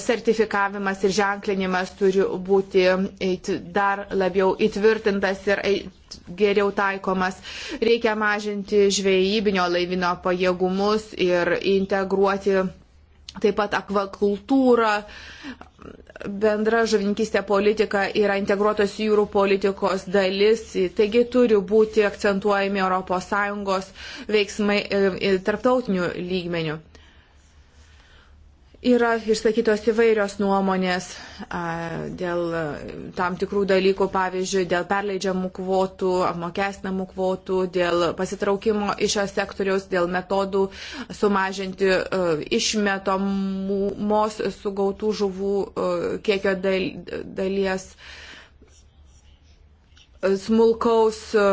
Sertifikavimas ir ženklinimas turi būti dar labiau įtvirtintas ir geriau taikomas. Reikia mažinti žvejybinio laivino pajėgumus ir integruoti taip pat akvakultūrą, bendra žuvininkystė politika yra integruotos jūrų politikos dalis, taigi turi būti akcentuojami ES veiksmai tarptautinių lygmenių. Yra išsakytos įvairios nuomonės a, dėl e, tam tikrų dalykų, pavyzdžiui, dėl perleidžiamų kvotų, apmokestinamų kvotų, dėl pasitraukimo iš šios sektoriaus, dėl metodų sumažinti a, e, išmetomos sugautų žuvų a, e, kiekio dal, dalies smulkaus, a,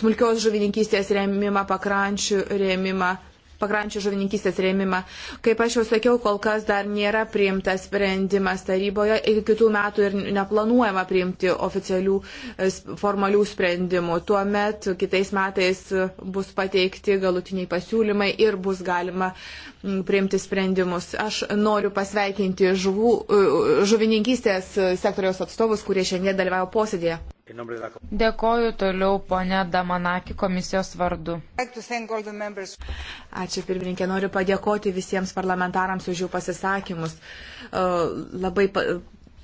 smulkios žuvininkystės rėmimą, pakrančių rėmimą. A, pakrančių žuvininkystės rėmimą. Kaip aš jau sakiau, kol kas dar nėra priimtas sprendimas taryboje ir kitų metų ir neplanuojama priimti oficialių e, formalių sprendimų. Tuomet kitais metais bus pateikti galutiniai pasiūlymai ir bus galima priimti sprendimus. Aš noriu pasveikinti žuvų, e, žuvininkystės sektoriaus atstovus, kurie šiandien dalyvavo posėdėje. Dėkoju toliau ponė Damanaki komisijos vardu. Ačiū pirmininkė, noriu padėkoti visiems parlamentarams už jų pasisakymus. E, labai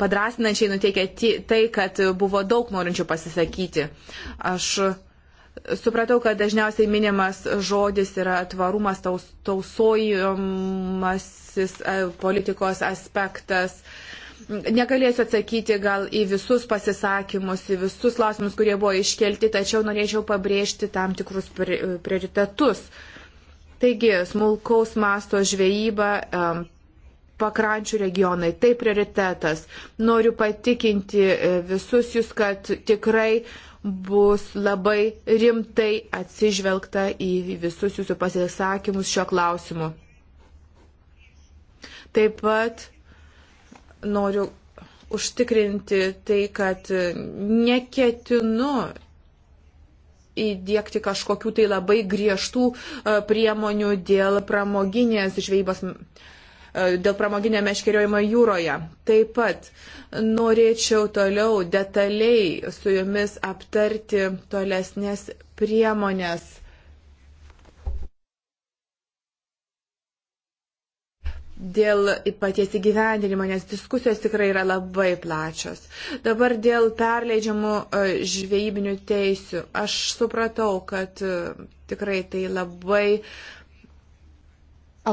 padrasinančiai nuteikia tai, kad buvo daug norinčių pasisakyti. Aš supratau, kad dažniausiai minimas žodis yra tvarumas, taus, tausojimasis e, politikos aspektas. Uh, Negalėsiu atsakyti gal į visus pasisakymus, į visus klausimus, kurie buvo iškelti, tačiau norėčiau pabrėžti tam tikrus prioritetus. Taigi, smulkaus masto žvejyba, pakrančių regionai. Tai prioritetas. Noriu patikinti e, visus jūs, kad tikrai bus labai rimtai atsižvelgta į visus jūsų pasisakymus šio klausimu. Taip pat noriu užtikrinti tai, kad neketinu įdėkti kažkokių tai labai griežtų e, priemonių dėl pramoginės žvejybos e, dėl pramoginio meškeriojimo jūroje. Taip pat norėčiau toliau detaliai su jumis aptarti tolesnės priemonės dėl paties įgyvendinimo, nes diskusijos tikrai yra labai plačios. Dabar dėl perleidžiamų e, žvejybinių teisių. Aš supratau, kad e, tikrai tai labai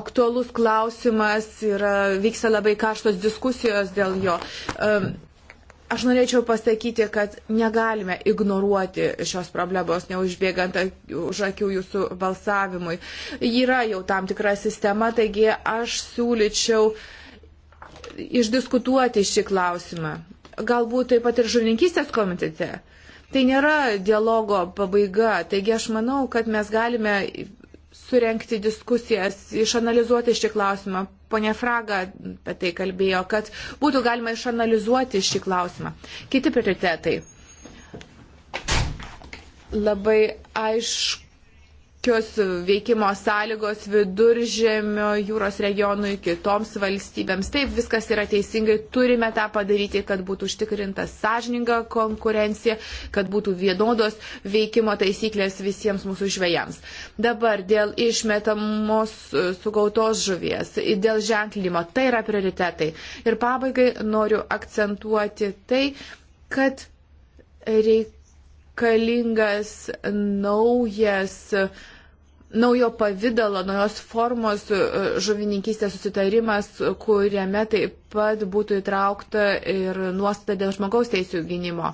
aktualus klausimas ir vyksta labai karštos diskusijos dėl jo. Aš norėčiau pasakyti, kad negalime ignoruoti šios problemos, neužbėgant už akių jūsų balsavimui. Yra jau tam tikra sistema, taigi aš siūlyčiau išdiskutuoti šį klausimą. Galbūt taip pat ir žuvininkystės komitete. Tai nėra dialogo pabaiga, taigi aš manau, kad mes galime surenkti diskusijas, išanalizuoti šį klausimą. Pone Fraga apie tai kalbėjo, kad būtų galima išanalizuoti šį klausimą. Kiti prioritetai. Labai aišku kokios veikimo sąlygos viduržėmio jūros regionui, kitoms valstybėms. Taip, viskas yra teisingai, turime tą padaryti, kad būtų užtikrinta sąžininga konkurencija, kad būtų vienodos veikimo taisyklės visiems mūsų žvėjams. Dabar dėl išmetamos e, sugautos žuvies, dėl ženklimo, tai yra prioritetai. Ir pabaigai noriu akcentuoti tai, kad reikalingas naujas uh, naujo pavydalo, naujos formos e, žuvininkystės susitarimas, kuriame taip pat būtų įtraukta ir nuostata dėl žmogaus teisų gynimo.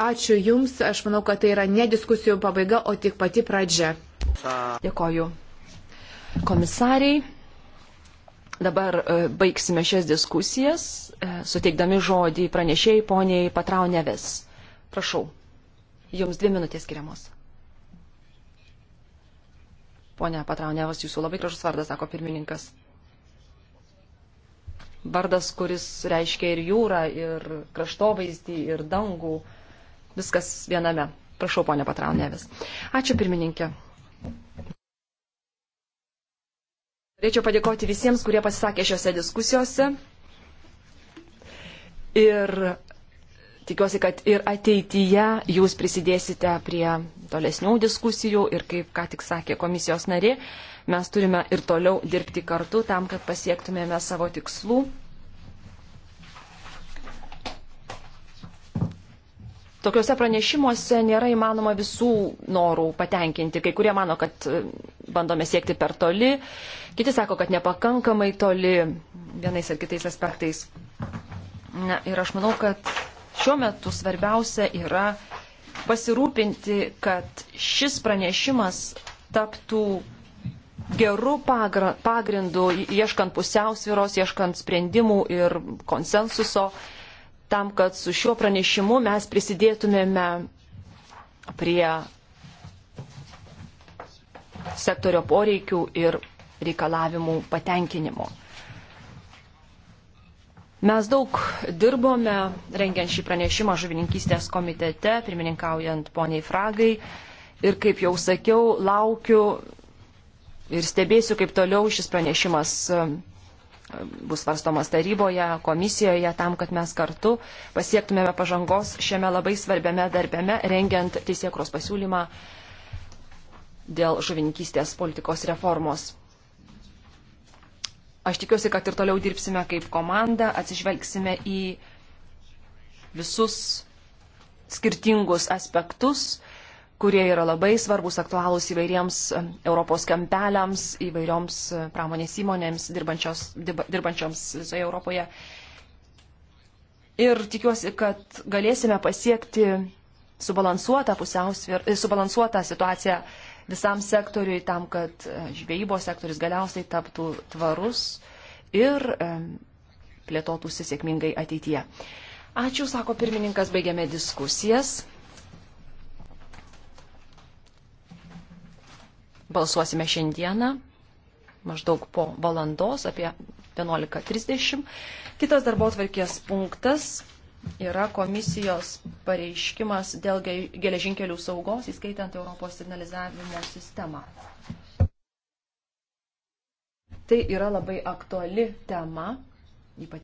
Ačiū Jums, aš manau, kad tai yra ne diskusijų pabaiga, o tik pati pradžia. Dėkoju. Komisariai, dabar e, baigsime šias diskusijas, e, suteikdami žodį pranešėjai poniai Patrauneves. Prašau, Jums dvi minutės skiriamos. Pone Patraunevas, jūsų labai gražus vardas, sako pirmininkas. Vardas, kuris reiškia ir jūrą, ir kraštovaizdį, ir dangų. Viskas viename. Prašau, ponė Patraunevas. Ačiū, pirmininkė. Norėčiau padėkoti visiems, kurie pasisakė šiuose diskusijose. Ir tikiuosi, kad ir ateityje jūs prisidėsite prie tolesnių diskusijų ir, kaip ką tik sakė komisijos nari, mes turime ir toliau dirbti kartu tam, kad pasiektumėme savo tikslų. Tokiuose pranešimuose nėra įmanoma visų norų patenkinti. Kai kurie mano, kad e, bandome siekti per toli, kiti sako, kad nepakankamai toli vienais ar kitais aspektais. Na, ir aš manau, kad šiuo metu svarbiausia yra pasirūpinti, kad šis pranešimas taptų gerų pagrindų, ieškant pusiausviros, ieškant sprendimų ir konsensuso, tam, kad su šiuo pranešimu mes prisidėtumėme prie sektorio poreikių ir reikalavimų patenkinimo. Mes daug dirbome, rengiant šį pranešimą žuvininkystės komitete, pirmininkaujant poniai Fragai. Ir kaip jau sakiau, laukiu ir stebėsiu, kaip toliau šis pranešimas e, bus varstomas taryboje, komisijoje, tam, kad mes kartu pasiektumėme pažangos šiame labai svarbiame darbėme, rengiant teisėkros pasiūlymą dėl žuvininkystės politikos reformos. Aš tikiuosi, kad ir toliau dirbsime kaip komanda, atsižvelgsime į visus skirtingus aspektus, kurie yra labai svarbus, aktualūs įvairiems Europos kampeliams, įvairioms e, pramonės įmonėms dirbančioms visoje Europoje. Ir tikiuosi, kad galėsime pasiekti subalansuotą, e, subalansuotą situaciją visam sektoriui tam, kad e, žvejybos sektorius galiausiai taptų tvarus ir e, plėtotųsi sėkmingai ateityje. Ačiū, sako pirmininkas, baigiame diskusijas. Balsuosime šiandieną, maždaug po valandos, apie 11.30. Kitas darbo tvarkės punktas yra komisijos pareiškimas dėl geležinkelių saugos, įskaitant Europos signalizavimo sistemą. Tai yra labai aktuali tema